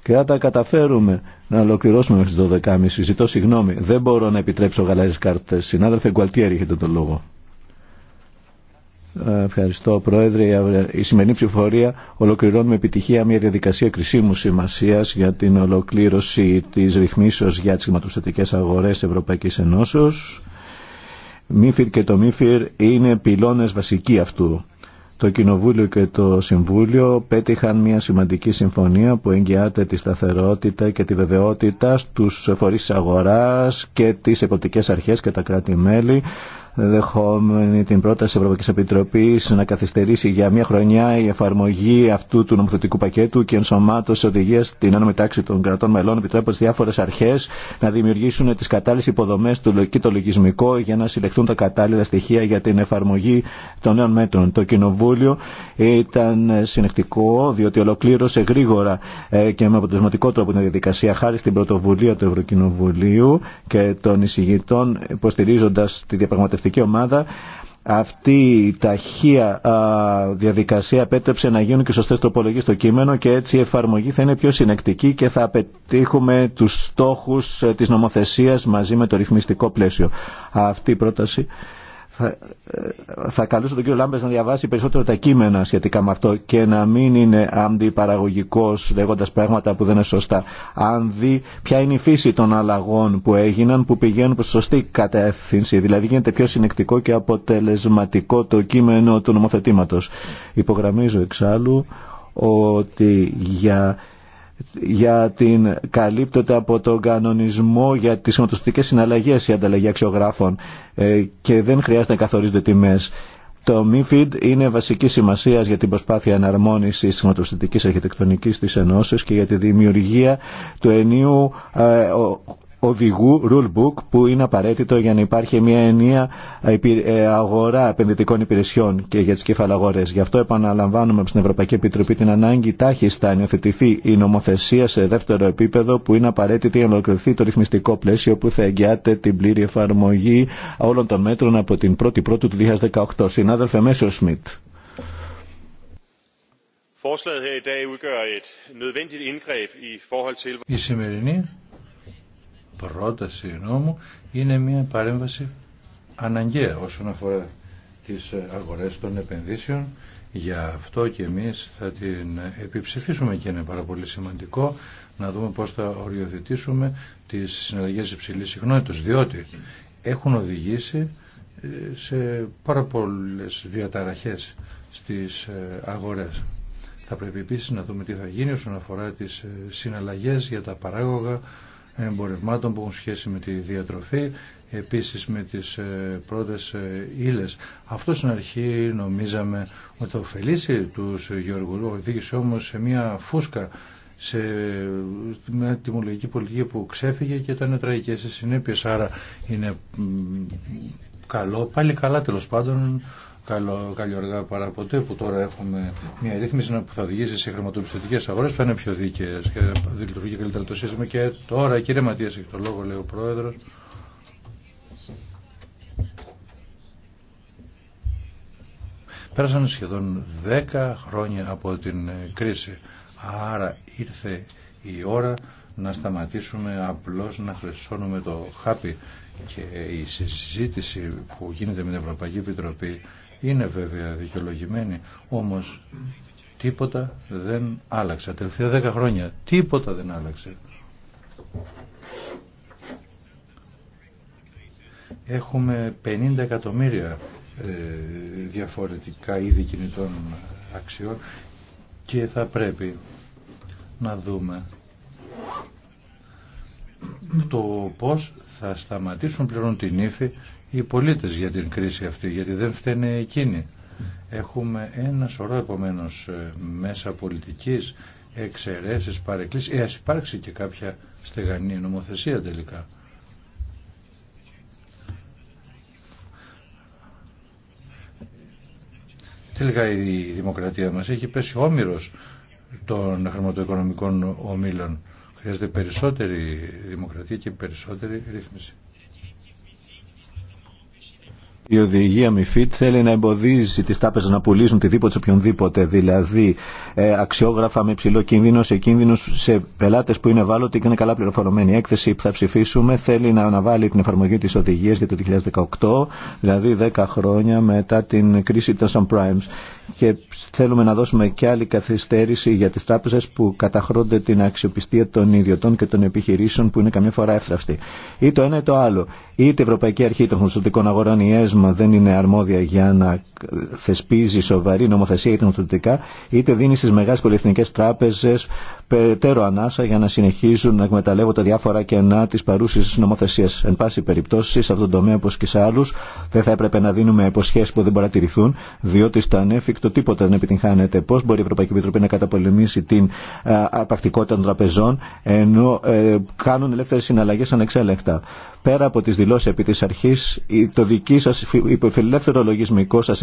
και αν τα καταφέρουμε να ολοκληρώσουμε μέχρι τι 12.30. Ζητώ συγγνώμη, δεν μπορώ να επιτρέψω γαλάζιες κάρτες. Συνάδελφε Γκουαλτιέρη, έχετε τον λόγο. Ε, ευχαριστώ, Πρόεδρε. Η σημερινή ψηφορία ολοκληρώνει με επιτυχία μια διαδικασία κρισίμου σημασία για την ολοκλήρωση τη ρυθμίσεω για τι χρηματοστατικέ αγορέ Ευρωπαϊκή Ενώσεω. ΜΥΦΙΡ και το ΜΥΦΙΡ είναι πυλώνε βασικοί αυτού το Κοινοβούλιο και το Συμβούλιο πέτυχαν μια σημαντική συμφωνία που εγγυάται τη σταθερότητα και τη βεβαιότητα στους φορείς της αγοράς και τις εποπτικές αρχές και τα κράτη-μέλη δεχόμενη την πρόταση της Ευρωπαϊκής Επιτροπής να καθυστερήσει για μια χρονιά η εφαρμογή αυτού του νομοθετικού πακέτου και ενσωμάτωση οδηγία στην ένωμη τάξη των κρατών μελών στις διάφορες αρχές να δημιουργήσουν τις κατάλληλε υποδομές και το λογισμικό για να συλλεχθούν τα κατάλληλα στοιχεία για την εφαρμογή των νέων μέτρων. Το Κοινοβούλιο ήταν συνεκτικό διότι ολοκλήρωσε γρήγορα ε, και με αποτελεσματικό τρόπο την διαδικασία χάρη στην πρωτοβουλία του Ευρωκοινοβουλίου και των εισηγητών υποστηρίζοντα τη διαπραγματευτική ομάδα αυτή η ταχεία διαδικασία επέτρεψε να γίνουν και σωστέ τροπολογίε στο κείμενο και έτσι η εφαρμογή θα είναι πιο συνεκτική και θα πετύχουμε του στόχου ε, τη νομοθεσία μαζί με το ρυθμιστικό πλαίσιο. Αυτή η πρόταση θα, ε, θα καλούσα τον κύριο Λάμπες να διαβάσει περισσότερο τα κείμενα σχετικά με αυτό και να μην είναι αντιπαραγωγικός λέγοντας πράγματα που δεν είναι σωστά. Αν δει ποια είναι η φύση των αλλαγών που έγιναν που πηγαίνουν προς σωστή κατεύθυνση. Δηλαδή γίνεται πιο συνεκτικό και αποτελεσματικό το κείμενο του νομοθετήματος. Υπογραμμίζω εξάλλου ότι για για την καλύπτεται από τον κανονισμό για τις σηματοστικές συναλλαγές η ανταλλαγή αξιογράφων ε, και δεν χρειάζεται να καθορίζονται τιμές. Το MIFID είναι βασική σημασία για την προσπάθεια εναρμόνιση τη αρχιτεκτονικής αρχιτεκτονική τη Ενώσεω και για τη δημιουργία του ενίου ε, οδηγού rule book που είναι απαραίτητο για να υπάρχει μια ενιαία ε, αγορά επενδυτικών υπηρεσιών και για τις κεφαλαγορές. Γι' αυτό επαναλαμβάνουμε στην Ευρωπαϊκή Επιτροπή την ανάγκη τάχιστα να υιοθετηθεί η νομοθεσία σε δεύτερο επίπεδο που είναι απαραίτητη για να ολοκληρωθεί το ρυθμιστικό πλαίσιο που θα εγγυάται την πλήρη εφαρμογή όλων των μέτρων από την 1η Πρώτου του 2018. Συνάδελφε Μέσο Σμιτ. Η σημερινή πρόταση νόμου είναι μια παρέμβαση αναγκαία όσον αφορά τις ε, αγορές των επενδύσεων. Γι' αυτό και εμείς θα την επιψηφίσουμε και είναι πάρα πολύ σημαντικό να δούμε πώς θα οριοθετήσουμε τις συναλλαγές υψηλής συχνότητας, διότι έχουν οδηγήσει ε, σε πάρα πολλές διαταραχές στις ε, αγορές. Θα πρέπει επίσης να δούμε τι θα γίνει όσον αφορά τις συναλλαγές για τα παράγωγα εμπορευμάτων που έχουν σχέση με τη διατροφή, επίσης με τις ε, πρώτες ε, ύλες. Αυτό στην αρχή νομίζαμε ότι θα ωφελήσει τους Γιώργου οδήγησε όμως σε μια φούσκα σε μια τιμολογική πολιτική που ξέφυγε και ήταν τραγικές οι συνέπειες άρα είναι καλό πάλι καλά τέλος πάντων καλό, καλή αργά παρά ποτέ που τώρα έχουμε μια ρύθμιση που θα οδηγήσει σε χρηματοπιστωτικές αγορές που θα είναι πιο δίκαιες και θα λειτουργεί καλύτερα το σύστημα και τώρα κύριε Ματίας έχει το λόγο λέει ο Πρόεδρος Πέρασαν σχεδόν 10 χρόνια από την ε, κρίση άρα ήρθε η ώρα να σταματήσουμε απλώς να χρυσώνουμε το χάπι και η συζήτηση που γίνεται με την Ευρωπαϊκή Επιτροπή είναι βέβαια δικαιολογημένη, όμως τίποτα δεν άλλαξε. Τελευταία δέκα χρόνια τίποτα δεν άλλαξε. Έχουμε 50 εκατομμύρια ε, διαφορετικά είδη κινητών αξιών και θα πρέπει να δούμε το πώς θα σταματήσουν πλέον την ύφη οι πολίτες για την κρίση αυτή, γιατί δεν φταίνε εκείνοι. Έχουμε ένα σωρό επομένω ε, μέσα πολιτικής, εξαιρέσεις, παρεκκλήσεις. Ε, υπάρξει και κάποια στεγανή νομοθεσία τελικά. Τελικά η δημοκρατία μας έχει πέσει όμοιρος των χρηματοοικονομικών ομίλων. Χρειάζεται περισσότερη δημοκρατία και περισσότερη ρύθμιση. Η οδηγία MIFID θέλει να εμποδίζει τι τράπεζε να πουλήσουν οτιδήποτε σε οποιονδήποτε, δηλαδή ε, αξιόγραφα με υψηλό κίνδυνο σε κίνδυνο σε πελάτε που είναι ευάλωτοι και είναι καλά πληροφορωμένοι. Η έκθεση που θα ψηφίσουμε θέλει να αναβάλει την εφαρμογή τη οδηγία για το 2018, δηλαδή 10 χρόνια μετά την κρίση των subprimes. Και θέλουμε να δώσουμε και άλλη καθυστέρηση για τι τράπεζε που καταχρώνται την αξιοπιστία των ιδιωτών και των επιχειρήσεων που είναι καμιά φορά έφραυστη. Ή το ένα ή εφραστη. η Ευρωπαϊκή Ή η ευρωπαικη αρχη των Αγορών, πλάσμα δεν είναι αρμόδια για να θεσπίζει σοβαρή νομοθεσία για την είτε δίνει στι μεγάλε πολυεθνικέ τράπεζε περαιτέρω ανάσα για να συνεχίζουν να εκμεταλλεύονται διάφορα κενά τη παρούση νομοθεσία. Εν πάση περιπτώσει, σε αυτόν τον τομέα όπω και σε άλλου, δεν θα έπρεπε να δίνουμε υποσχέσει που δεν να τηρηθούν, διότι στο ανέφικτο τίποτα δεν επιτυγχάνεται. Πώ μπορεί η Ευρωπαϊκή Επιτροπή να καταπολεμήσει την απακτικότητα των τραπεζών, ενώ ε, κάνουν ελεύθερε συναλλαγέ ανεξέλεγκτα. Πέρα από τις δηλώσεις επί της αρχής, το δική σας υποφιλελεύθερο λογισμικό σας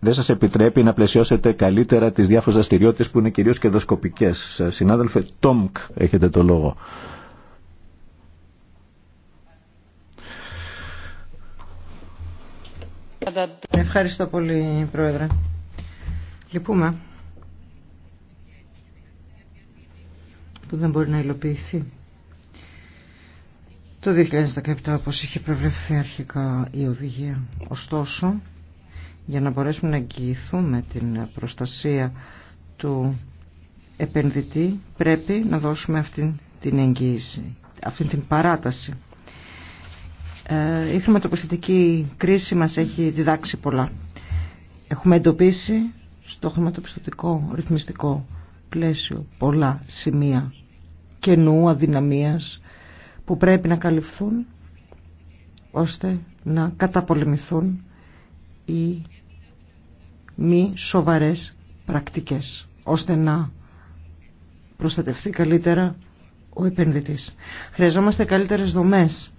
δεν σας επιτρέπει να πλαισιώσετε καλύτερα τις διάφορες δραστηριότητε που είναι κυρίως κερδοσκοπικές. Συνάδελφε Τόμκ, έχετε το λόγο. Ευχαριστώ πολύ, Πρόεδρε. Λυπούμε που δεν μπορεί να υλοποιηθεί το 2017 όπως είχε προβλεφθεί αρχικά η οδηγία. Ωστόσο, για να μπορέσουμε να εγγυηθούμε την προστασία του επενδυτή πρέπει να δώσουμε αυτήν την εγγύηση, αυτήν την παράταση. Ε, η χρηματοπιστωτική κρίση μας έχει διδάξει πολλά. Έχουμε εντοπίσει στο χρηματοπιστωτικό ρυθμιστικό πλαίσιο πολλά σημεία κενού, αδυναμίας, που πρέπει να καλυφθούν ώστε να καταπολεμηθούν οι μη σοβαρές πρακτικές, ώστε να προστατευτεί καλύτερα ο επενδυτής. Χρειαζόμαστε καλύτερες δομές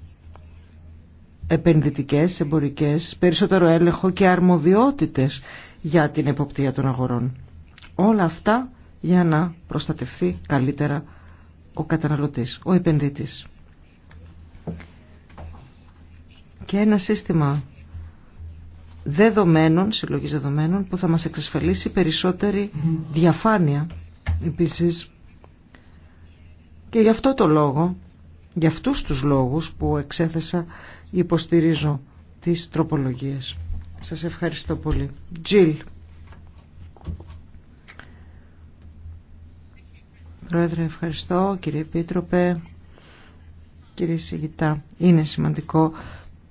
επενδυτικές, εμπορικές, περισσότερο έλεγχο και αρμοδιότητες για την εποπτεία των αγορών. Όλα αυτά για να προστατευθεί καλύτερα ο καταναλωτής, ο επενδυτής. και ένα σύστημα δεδομένων, συλλογής δεδομένων, που θα μας εξασφαλίσει περισσότερη διαφάνεια επίσης. Και γι' αυτό το λόγο, γι' αυτούς τους λόγους που εξέθεσα υποστηρίζω τις τροπολογίες. Σας ευχαριστώ πολύ. Τζιλ. Πρόεδρε, ευχαριστώ. Κύριε Επίτροπε, κύριε Σιγητά, είναι σημαντικό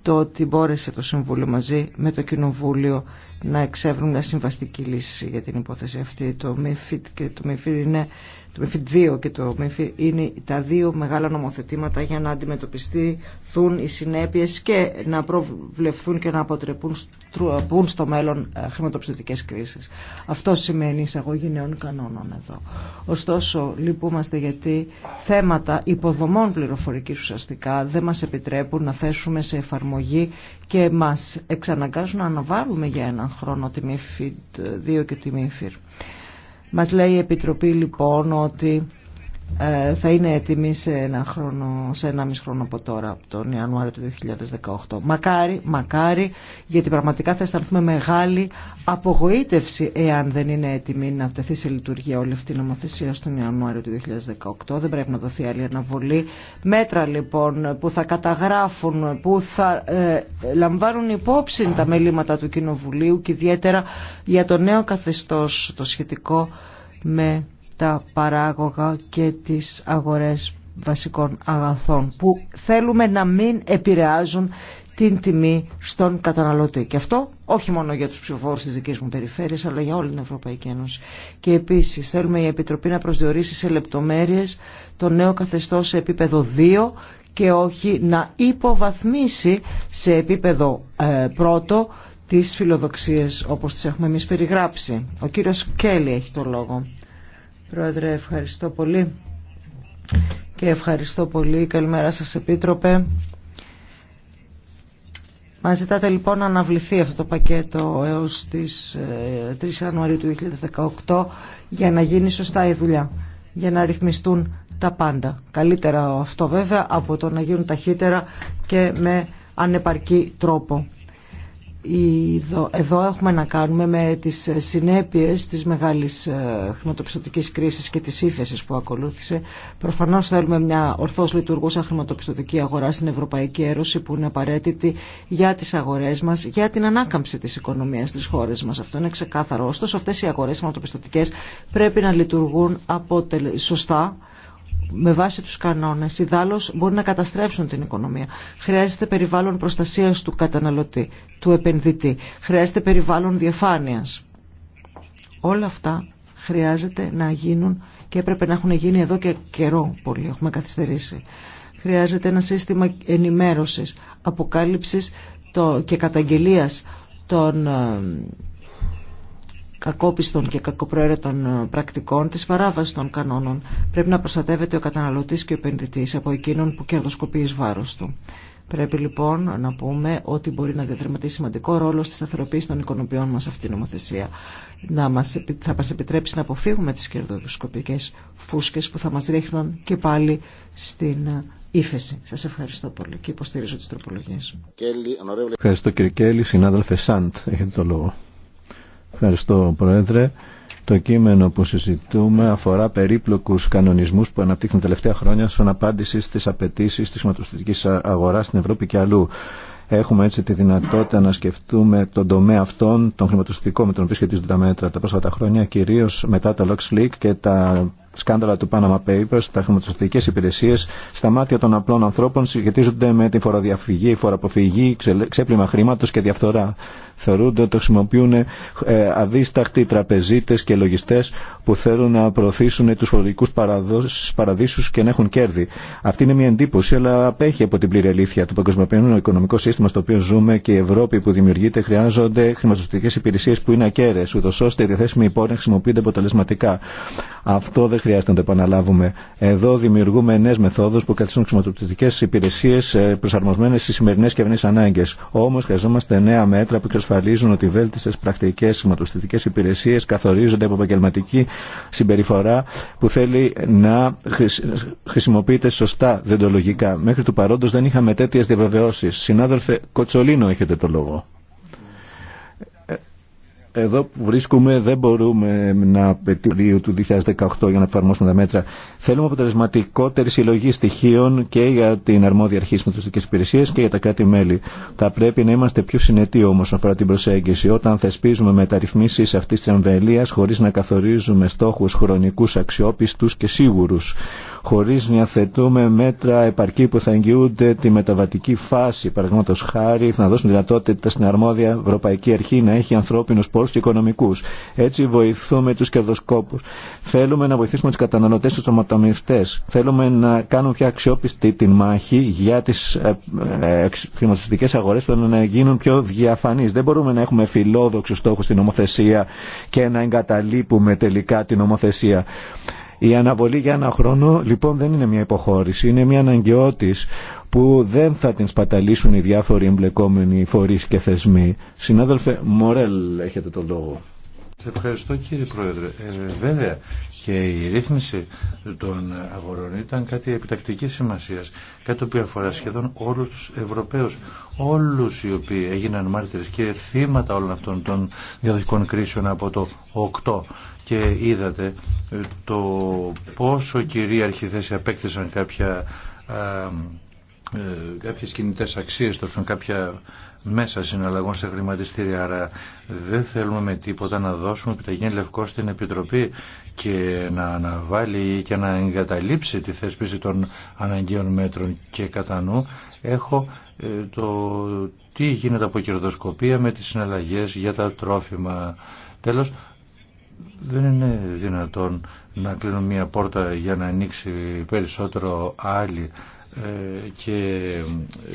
το ότι μπόρεσε το Συμβούλιο μαζί με το Κοινοβούλιο να εξεύρουν μια συμβαστική λύση για την υπόθεση αυτή. Το MIFID, και το MIFID, είναι, το MIFID 2 και το MIFID είναι τα δύο μεγάλα νομοθετήματα για να αντιμετωπιστούν οι συνέπειες και να προβλεφθούν και να αποτρεπούν στο μέλλον ε, χρηματοπιστωτικές κρίσεις. Αυτό σημαίνει εισαγωγή νέων κανόνων εδώ. Ωστόσο, λυπούμαστε γιατί θέματα υποδομών πληροφορικής ουσιαστικά δεν μας επιτρέπουν να θέσουμε σε εφαρμογή και μας εξαναγκάζουν να αναβάλουμε για ένα χρόνο τη ΜΥΦΙΤ 2 και τη ΜΥΦΙΡ. Μας λέει η Επιτροπή λοιπόν ότι ε, θα είναι έτοιμη σε ένα, χρόνο, σε ένα μισό χρόνο από τώρα, από τον Ιανουάριο του 2018. Μακάρι, μακάρι, γιατί πραγματικά θα αισθανθούμε μεγάλη απογοήτευση εάν δεν είναι έτοιμη να τεθεί σε λειτουργία όλη αυτή η νομοθεσία στον Ιανουάριο του 2018. Δεν πρέπει να δοθεί άλλη αναβολή. Μέτρα λοιπόν που θα καταγράφουν, που θα ε, λαμβάνουν υπόψη τα μελήματα του Κοινοβουλίου και ιδιαίτερα για το νέο καθεστώς το σχετικό με τα παράγωγα και τις αγορές βασικών αγαθών που θέλουμε να μην επηρεάζουν την τιμή στον καταναλωτή. Και αυτό όχι μόνο για τους ψηφοφόρους της δικής μου περιφέρειας, αλλά για όλη την Ευρωπαϊκή Ένωση. Και επίσης θέλουμε η Επιτροπή να προσδιορίσει σε λεπτομέρειες το νέο καθεστώς σε επίπεδο 2 και όχι να υποβαθμίσει σε επίπεδο ε, πρώτο τις φιλοδοξίες όπως τις έχουμε εμείς περιγράψει. Ο κύριος Κέλλη έχει το λόγο. Πρόεδρε, ευχαριστώ πολύ και ευχαριστώ πολύ. Καλημέρα σας Επίτροπε. Μα ζητάτε λοιπόν να αναβληθεί αυτό το πακέτο έως τις 3 ε, Ιανουαρίου του 2018 για να γίνει σωστά η δουλειά, για να ρυθμιστούν τα πάντα. Καλύτερα αυτό βέβαια από το να γίνουν ταχύτερα και με ανεπαρκή τρόπο εδώ έχουμε να κάνουμε με τις συνέπειες της μεγάλης ε, χρηματοπιστωτικής κρίσης και της ύφεσης που ακολούθησε. Προφανώς θέλουμε μια ορθώς λειτουργούσα χρηματοπιστωτική αγορά στην Ευρωπαϊκή Ένωση που είναι απαραίτητη για τις αγορές μας, για την ανάκαμψη της οικονομίας της χώρας μας. Αυτό είναι ξεκάθαρο. Ωστόσο αυτές οι αγορές χρηματοπιστωτικές πρέπει να λειτουργούν σωστά με βάση τους κανόνες. Ιδάλλως μπορεί να καταστρέψουν την οικονομία. Χρειάζεται περιβάλλον προστασίας του καταναλωτή, του επενδυτή. Χρειάζεται περιβάλλον διαφάνειας. Όλα αυτά χρειάζεται να γίνουν και έπρεπε να έχουν γίνει εδώ και καιρό πολύ. Έχουμε καθυστερήσει. Χρειάζεται ένα σύστημα ενημέρωσης, αποκάλυψης και καταγγελίας των ε, κακόπιστων και κακοπροαίρετων ε, πρακτικών, τη παράβαση των κανόνων. Πρέπει να προστατεύεται ο καταναλωτή και ο επενδυτή από εκείνον που κερδοσκοπεί εις βάρος του. Πρέπει λοιπόν να πούμε ότι μπορεί να διαδραματίσει σημαντικό ρόλο στη σταθεροποίηση των οικονομιών μα αυτή η νομοθεσία. Να μας, θα μα επιτρέψει να αποφύγουμε τι κερδοσκοπικέ φούσκε που θα μα ρίχνουν και πάλι στην ε, ύφεση. Σα ευχαριστώ πολύ και υποστηρίζω τι τροπολογίε. Ευχαριστώ κύριε Κέλλη. Συνάδελφε Σαντ, έχετε το λόγο. Ευχαριστώ, Πρόεδρε. Το κείμενο που συζητούμε αφορά περίπλοκους κανονισμούς που αναπτύχθηκαν τα τελευταία χρόνια στον απάντηση στις απαιτήσεις της χρηματοστηρικής αγοράς στην Ευρώπη και αλλού. Έχουμε έτσι τη δυνατότητα να σκεφτούμε τον τομέα αυτών, τον χρηματοστηρικό με τον οποίο σχετίζονται τα μέτρα τα πρόσφατα χρόνια, κυρίως μετά τα Lux και τα σκάνδαλα του Panama Papers, τα χρηματοδοτικέ υπηρεσίε, στα μάτια των απλών ανθρώπων σχετίζονται με τη φοροδιαφυγή, φοροαποφυγή, ξέπλυμα χρήματο και διαφθορά. Θεωρούνται ότι το χρησιμοποιούν ε, αδίσταχτοι τραπεζίτε και λογιστέ που θέλουν να προωθήσουν του φορολογικού παραδείσου και να έχουν κέρδη. Αυτή είναι μια εντύπωση, αλλά απέχει από την πλήρη αλήθεια. Το παγκοσμιοποιημένο οικονομικό σύστημα στο οποίο ζούμε και η Ευρώπη που δημιουργείται χρειάζονται χρηματοδοτικέ υπηρεσίες που είναι ακέραιες, ούτω ώστε οι διαθέσιμοι να χρησιμοποιούνται αποτελεσματικά. Αυτό δεν χρειάζεται να το επαναλάβουμε. Εδώ δημιουργούμε νέε μεθόδου που καθιστούν χρηματοπιστωτικέ υπηρεσίε προσαρμοσμένε στι σημερινέ και ανάγκε. Όμω χρειαζόμαστε νέα μέτρα που εξασφαλίζουν ότι οι βέλτιστε πρακτικέ χρηματοπιστωτικέ υπηρεσίε καθορίζονται από επαγγελματική συμπεριφορά που θέλει να χρησιμοποιείται σωστά δεντολογικά. Μέχρι του παρόντο δεν είχαμε τέτοιε διαβεβαιώσει. Συνάδελφε Κοτσολίνο, έχετε το λόγο εδώ που βρίσκουμε δεν μπορούμε να πετύχουμε του 2018 για να εφαρμόσουμε τα μέτρα. Θέλουμε αποτελεσματικότερη συλλογή στοιχείων και για την αρμόδια αρχή συνοδευτική υπηρεσία και για τα κράτη-μέλη. Θα πρέπει να είμαστε πιο συνετοί όμω αφορά την προσέγγιση. Όταν θεσπίζουμε μεταρρυθμίσει αυτή τη εμβελία χωρί να καθορίζουμε στόχου χρονικού αξιόπιστου και σίγουρου χωρίς να θετούμε μέτρα επαρκή που θα εγγυούνται τη μεταβατική φάση. Παραδείγματο χάρη, θα δώσουν δυνατότητα στην αρμόδια Ευρωπαϊκή Αρχή να έχει ανθρώπινου πόρου και οικονομικού. Έτσι βοηθούμε του κερδοσκόπου. Θέλουμε να βοηθήσουμε του καταναλωτέ και του ομοταμιευτέ. Θέλουμε να κάνουν πιο αξιόπιστη την μάχη για τι ε, ε, χρηματιστικέ αγορέ που να γίνουν πιο διαφανεί. Δεν μπορούμε να έχουμε φιλόδοξου στόχου στην νομοθεσία και να εγκαταλείπουμε τελικά την νομοθεσία. Η αναβολή για ένα χρόνο λοιπόν δεν είναι μια υποχώρηση, είναι μια αναγκαιότης που δεν θα την σπαταλήσουν οι διάφοροι εμπλεκόμενοι φορείς και θεσμοί. Συνάδελφε Μορέλ έχετε τον λόγο. Ευχαριστώ κύριε Πρόεδρε. Ε, βέβαια και η ρύθμιση των αγορών ήταν κάτι επιτακτικής σημασίας, κάτι που αφορά σχεδόν όλους τους Ευρωπαίους, όλους οι οποίοι έγιναν μάρτυρες και θύματα όλων αυτών των διαδοχικών κρίσεων από το 8 και είδατε ε, το πόσο κυρίαρχη θέση απέκτησαν κάποια, ε, κάποιες κινητές αξίες, τόσο κάποια μέσα συναλλαγών σε χρηματιστήρια. Άρα δεν θέλουμε με τίποτα να δώσουμε επιταγή λευκό στην Επιτροπή και να αναβάλει και να εγκαταλείψει τη θέσπιση των αναγκαίων μέτρων και κατά νου. Έχω ε, το τι γίνεται από κερδοσκοπία με τις συναλλαγές για τα τρόφιμα. Τέλος, δεν είναι δυνατόν να κλείνω μία πόρτα για να ανοίξει περισσότερο άλλη ε, και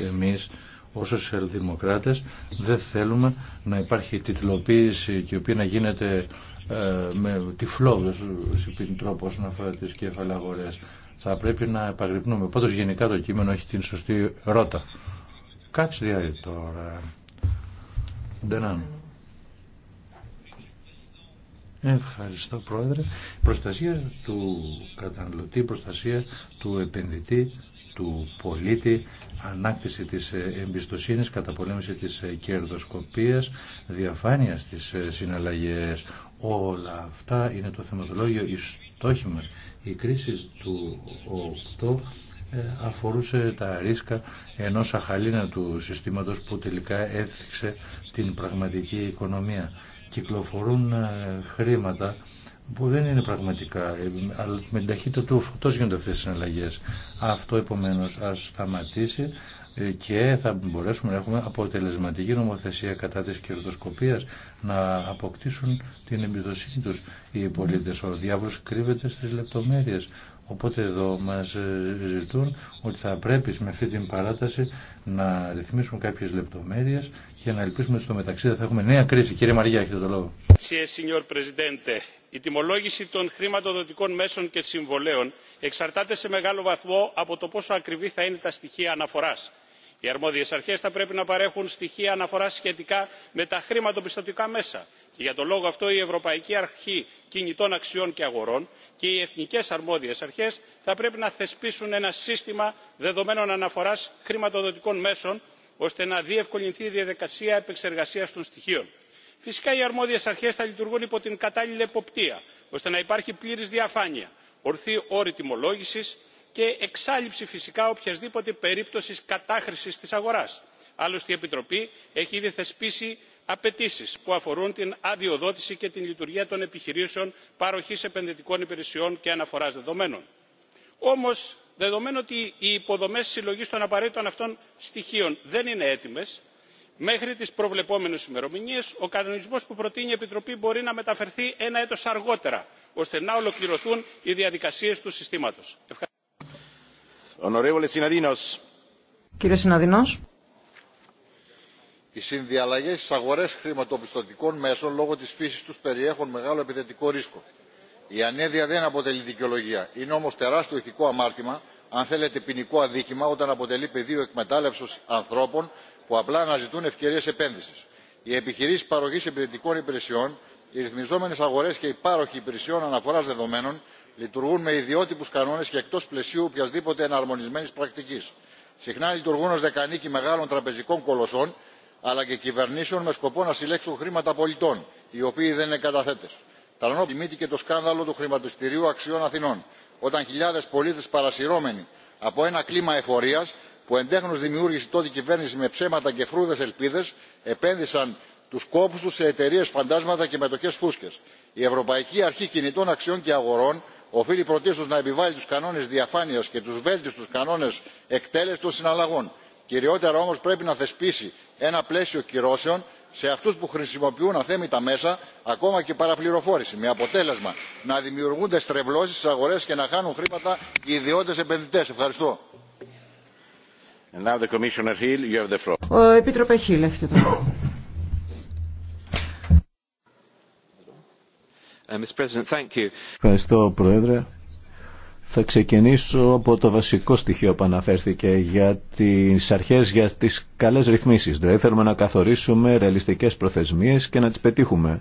εμείς ως σοσιαλδημοκράτες δεν θέλουμε να υπάρχει τιτλοποίηση και η οποία να γίνεται ε, με τυφλό ε, τρόπο όσον αφορά τις κεφαλαγορές. Θα πρέπει να επαγρυπνούμε. Πάντως γενικά το κείμενο έχει την σωστή ρότα. Κάτσε διάρκεια, τώρα. Ευχαριστώ Πρόεδρε. Προστασία του καταναλωτή, προστασία του επενδυτή του πολίτη, ανάκτηση της ε, εμπιστοσύνης, καταπολέμηση της ε, κερδοσκοπίας, διαφάνεια στις ε, συναλλαγές. Όλα αυτά είναι το θεματολόγιο, η στόχη μας. Η κρίση του 8 αφορούσε τα ρίσκα ενός αχαλήνα του συστήματος που τελικά έθιξε την πραγματική οικονομία κυκλοφορούν ε, χρήματα που δεν είναι πραγματικά, ε, αλλά με την ταχύτητα του φωτό γίνονται αυτέ τι συναλλαγέ. Αυτό επομένω ας σταματήσει ε, και θα μπορέσουμε να έχουμε αποτελεσματική νομοθεσία κατά της κερδοσκοπίας να αποκτήσουν την εμπιστοσύνη τους οι πολίτες. Ο διάβολος κρύβεται στις λεπτομέρειες. Οπότε εδώ μας ζητούν ότι θα πρέπει με αυτή την παράταση να ρυθμίσουμε κάποιες λεπτομέρειες και να ελπίσουμε στο μεταξύ θα έχουμε νέα κρίση. Κύριε Μαριά, έχετε το λόγο. Η τιμολόγηση των χρηματοδοτικών μέσων και συμβολέων εξαρτάται σε μεγάλο βαθμό από το πόσο ακριβή θα είναι τα στοιχεία αναφοράς. Οι αρμόδιες αρχές θα πρέπει να παρέχουν στοιχεία αναφοράς σχετικά με τα χρηματοπιστωτικά μέσα και για τον λόγο αυτό η ευρωπαϊκή αρχή κινητών αξιών και αγορών και οι εθνικές αρμόδιες αρχές θα πρέπει να θεσπίσουν ένα σύστημα δεδομένων αναφοράς χρηματοδοτικών μέσων ώστε να διευκολυνθεί η διαδικασία επεξεργασίας των στοιχείων. φυσικά οι αρμόδιες αρχές θα λειτουργούν υπό την κατάλληλη εποπτεία ώστε να υπάρχει πλήρης διαφάνεια ορθή όρη τιμολόγησης και εξάλληψη φυσικά οποιασδήποτε περίπτωσης κατάχρησης της αγοράς. άλλωστε η επιτροπή έχει ήδη θεσπίσει απαιτήσει που αφορούν την αδειοδότηση και την λειτουργία των επιχειρήσεων παροχή επενδυτικών υπηρεσιών και αναφορά δεδομένων. όμω δεδομένου ότι οι υποδομέ συλλογή των απαραίτητων αυτών στοιχείων δεν είναι έτοιμε μέχρι τι προβλεπόμενε ημερομηνίε ο κανονισμό που προτείνει η επιτροπή μπορεί να μεταφερθεί ένα έτο αργότερα ώστε να ολοκληρωθούν οι διαδικασίε του συστήματο οι συνδιαλλαγές στις αγορές χρηματοπιστωτικών μέσων λόγω της φύσης τους περιέχουν μεγάλο επιθετικό ρίσκο. η ανέδεια δεν αποτελεί δικαιολογία είναι όμως τεράστιο ηθικό αμάρτημα αν θέλετε ποινικό αδίκημα όταν αποτελεί πεδίο εκμετάλλευσης ανθρώπων που απλά αναζητούν ευκαιρίες επένδυσης. οι επιχειρήσεις παροχής επιθετικών υπηρεσιών οι ρυθμιζόμενες αγορές και οι πάροχοι υπηρεσιών αναφοράς δεδομένων λειτουργούν με ιδιότυπους κανόνες και εκτός πλαισίου οποιασδήποτε εναρμονισμένης πρακτικής. συχνά λειτουργούν ως δεκανίκη μεγάλων τραπεζικών κολοσσών αλλά και κυβερνήσεων με σκοπό να συλλέξουν χρήματα πολιτών οι οποίοι δεν είναι καταθέτε. Τρανό θυμήθηκε το σκάνδαλο του χρηματιστηρίου Αξιών Αθηνών, όταν χιλιάδε πολίτε παρασυρώμενοι από ένα κλίμα εφορία που εντέχνω δημιούργησε τότε η κυβέρνηση με ψέματα και φρούδε ελπίδε, επένδυσαν του κόπου του σε εταιρείε φαντάσματα και μετοχέ φούσκε. Η Ευρωπαϊκή Αρχή Κινητών Αξιών και Αγορών οφείλει πρωτίστω να επιβάλλει του κανόνε διαφάνεια και του βέλτιστου κανόνε εκτέλεση των συναλλαγών. Κυριότερα όμω πρέπει να θεσπίσει ένα πλαίσιο κυρώσεων σε αυτούς που χρησιμοποιούν αθέμητα μέσα ακόμα και παραπληροφόρηση με αποτέλεσμα να δημιουργούνται στρεβλώσεις στις αγορές και να χάνουν χρήματα οι ιδιώτες επενδυτές. Ευχαριστώ. Ευχαριστώ, Πρόεδρε. Θα ξεκινήσω από το βασικό στοιχείο που αναφέρθηκε για τις αρχές, για τις καλές ρυθμίσεις. Δηλαδή θέλουμε να καθορίσουμε ρεαλιστικές προθεσμίες και να τις πετύχουμε.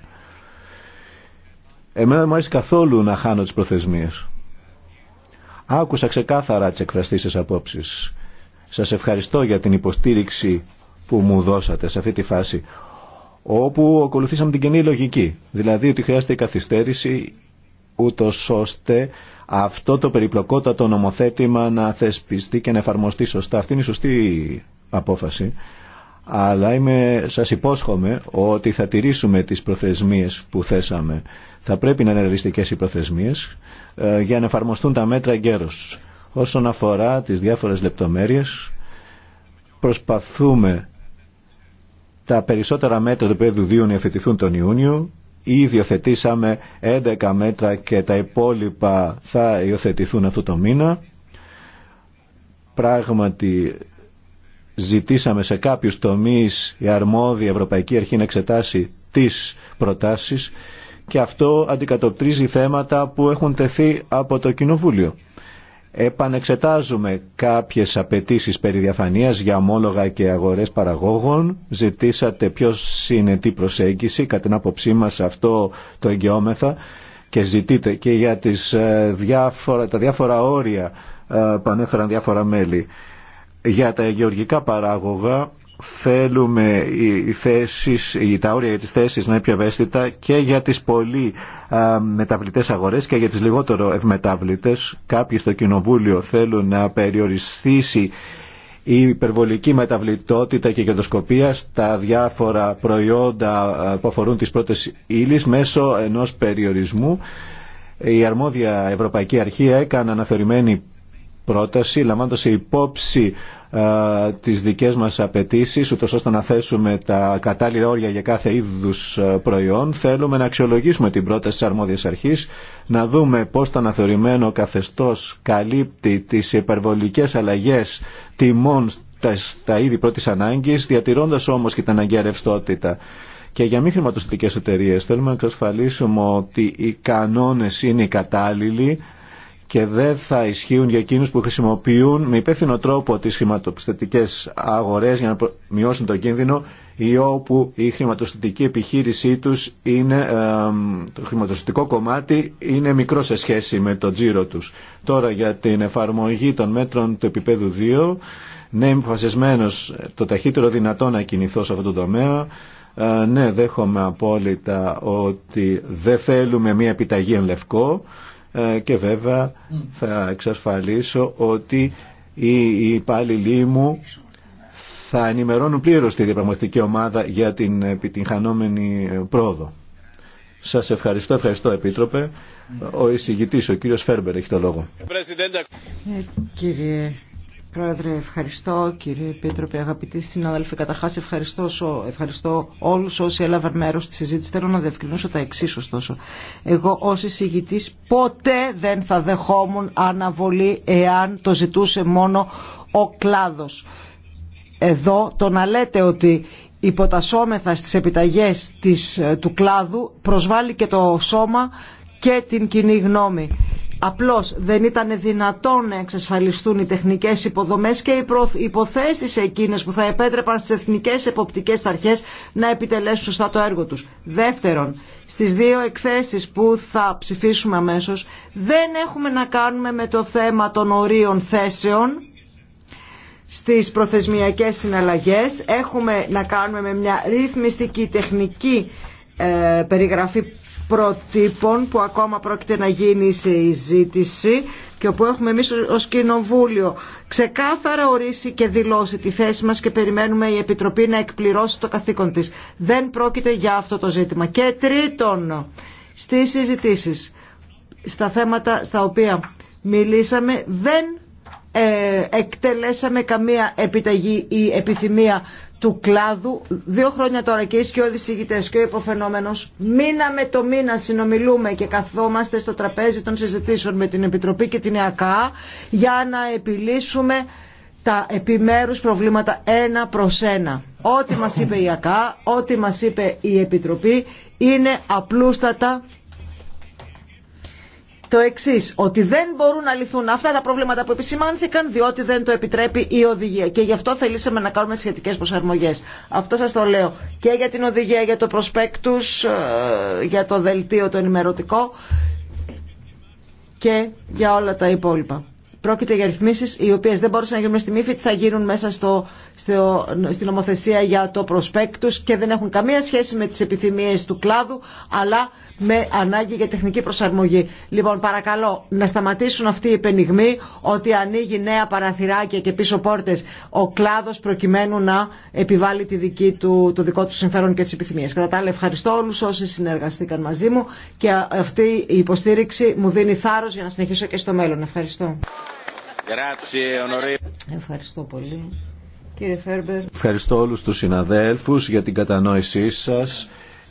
Εμένα δεν μου αρέσει καθόλου να χάνω τις προθεσμίες. Άκουσα ξεκάθαρα τις εκφραστήσεις απόψεις. Σας ευχαριστώ για την υποστήριξη που μου δώσατε σε αυτή τη φάση όπου ακολουθήσαμε την κοινή λογική. Δηλαδή ότι χρειάζεται η καθυστέρηση ούτω ώστε αυτό το περιπλοκότατο νομοθέτημα να θεσπιστεί και να εφαρμοστεί σωστά. Αυτή είναι η σωστή απόφαση. Αλλά είμαι, σας υπόσχομαι ότι θα τηρήσουμε τις προθεσμίες που θέσαμε. Θα πρέπει να είναι ρεαλιστικές οι προθεσμίες ε, για να εφαρμοστούν τα μέτρα γέρος. Όσον αφορά τις διάφορες λεπτομέρειες, προσπαθούμε τα περισσότερα μέτρα του επίπεδου 2 να τον Ιούνιο Ήδη υιοθετήσαμε 11 μέτρα και τα υπόλοιπα θα υιοθετηθούν αυτό το μήνα. Πράγματι ζητήσαμε σε κάποιους τομείς η αρμόδια Ευρωπαϊκή Αρχή να εξετάσει τις προτάσεις και αυτό αντικατοπτρίζει θέματα που έχουν τεθεί από το Κοινοβούλιο. Επανεξετάζουμε κάποιες απαιτήσεις περί διαφανείας για ομόλογα και αγορές παραγόγων. Ζητήσατε πιο συνετή προσέγγιση, κατά την άποψή μας αυτό το εγγυόμεθα και ζητείτε και για τις, ε, διάφορα, τα διάφορα όρια ε, που ανέφεραν διάφορα μέλη. Για τα γεωργικά παράγωγα θέλουμε οι θέσεις, τα όρια για τις θέσεις να είναι πιο ευαίσθητα και για τις πολύ μεταβλητές αγορές και για τις λιγότερο ευμεταβλητές. Κάποιοι στο Κοινοβούλιο θέλουν να περιοριστήσει η υπερβολική μεταβλητότητα και κερδοσκοπία στα διάφορα προϊόντα που αφορούν τις πρώτες ύλη μέσω ενός περιορισμού. Η αρμόδια Ευρωπαϊκή Αρχή έκανε αναθεωρημένη πρόταση, λαμβάνοντας υπόψη ε, τις δικές μας απαιτήσεις, ούτως ώστε να θέσουμε τα κατάλληλα όρια για κάθε είδους ε, προϊόν, θέλουμε να αξιολογήσουμε την πρόταση της αρμόδιας αρχής, να δούμε πώς το αναθεωρημένο καθεστώς καλύπτει τις υπερβολικές αλλαγές τιμών στα είδη πρώτης ανάγκης, διατηρώντας όμως και την αναγκαία Και για μη χρηματοστικές εταιρείε θέλουμε να εξασφαλίσουμε ότι οι κανόνες είναι κατάλληλοι, και δεν θα ισχύουν για εκείνους που χρησιμοποιούν με υπεύθυνο τρόπο τι χρηματοπιστωτικέ αγορές για να μειώσουν το κίνδυνο ή όπου η χρηματοπιστωτική χρηματοσυντικη επιχειρηση τους είναι, το χρηματοσυντικό κομμάτι είναι μικρό σε σχέση με το τζίρο τους. Τώρα για την εφαρμογή των μέτρων του επίπεδου 2, ναι είμαι το ταχύτερο δυνατό να κινηθώ σε αυτό το τομέα, ε, ναι, δέχομαι απόλυτα ότι δεν θέλουμε μια επιταγή εν λευκό. Ε, και βέβαια θα εξασφαλίσω ότι οι υπάλληλοι μου θα ενημερώνουν πλήρως τη διαπραγματική ομάδα για την επιτυγχανόμενη ε, πρόοδο. Σας ευχαριστώ, ευχαριστώ Επίτροπε. Ο εισηγητής, ο κύριος Φέρμπερ, έχει το λόγο. Ε, κύριε Πρόεδρε, ευχαριστώ. Κύριε Επίτροπε, αγαπητοί συνάδελφοι, καταρχά ευχαριστώ, ευχαριστώ όλου όσοι έλαβαν μέρο στη συζήτηση. Θέλω να διευκρινίσω τα εξή, ωστόσο. Εγώ, ω εισηγητή, ποτέ δεν θα δεχόμουν αναβολή εάν το ζητούσε μόνο ο κλάδο. Εδώ το να λέτε ότι υποτασσόμεθα στις επιταγές ε, του κλάδου προσβάλλει και το σώμα και την κοινή γνώμη. Απλώς δεν ήταν δυνατόν να εξασφαλιστούν οι τεχνικές υποδομές και οι υποθέσεις εκείνες που θα επέτρεπαν στις εθνικές εποπτικές αρχές να επιτελέσουν σωστά το έργο τους. Δεύτερον, στις δύο εκθέσεις που θα ψηφίσουμε αμέσως δεν έχουμε να κάνουμε με το θέμα των ορίων θέσεων στις προθεσμιακές συναλλαγές. Έχουμε να κάνουμε με μια ρυθμιστική τεχνική ε, περιγραφή προτύπων που ακόμα πρόκειται να γίνει σε συζήτηση και όπου έχουμε εμείς ως Κοινοβούλιο ξεκάθαρα ορίσει και δηλώσει τη θέση μας και περιμένουμε η Επιτροπή να εκπληρώσει το καθήκον της. Δεν πρόκειται για αυτό το ζήτημα. Και τρίτον, στις συζητήσεις, στα θέματα στα οποία μιλήσαμε, δεν ε, εκτελέσαμε καμία επιταγή ή επιθυμία του κλάδου. Δύο χρόνια τώρα και οι σκιώδεις και ο υποφαινόμενος μήνα με το μήνα συνομιλούμε και καθόμαστε στο τραπέζι των συζητήσεων με την Επιτροπή και την ΕΑΚΑ για να επιλύσουμε τα επιμέρους προβλήματα ένα προς ένα. Ό,τι μας είπε η ΑΚΑ, ό,τι μας είπε η Επιτροπή είναι απλούστατα το εξή, ότι δεν μπορούν να λυθούν αυτά τα προβλήματα που επισημάνθηκαν διότι δεν το επιτρέπει η οδηγία. Και γι' αυτό θελήσαμε να κάνουμε τι σχετικέ προσαρμογέ. Αυτό σας το λέω και για την οδηγία, για το προσπέκτου, ε, για το δελτίο το ενημερωτικό και για όλα τα υπόλοιπα. Πρόκειται για ρυθμίσει οι οποίε δεν μπορούσαν να γίνουν στη μύφη, θα γίνουν μέσα στο στην νομοθεσία για το προσπέκτους και δεν έχουν καμία σχέση με τις επιθυμίες του κλάδου αλλά με ανάγκη για τεχνική προσαρμογή. Λοιπόν παρακαλώ να σταματήσουν αυτοί οι πενιγμοί ότι ανοίγει νέα παραθυράκια και πίσω πόρτες ο κλάδος προκειμένου να επιβάλλει τη δική του, το δικό του συμφέρον και τις επιθυμίες. Κατά τα άλλα ευχαριστώ όλους όσοι συνεργαστήκαν μαζί μου και αυτή η υποστήριξη μου δίνει θάρρος για να συνεχίσω και στο μέλλον. Ευχαριστώ. Ευχαριστώ πολύ. Ευχαριστώ όλους τους συναδέλφους για την κατανόησή σας.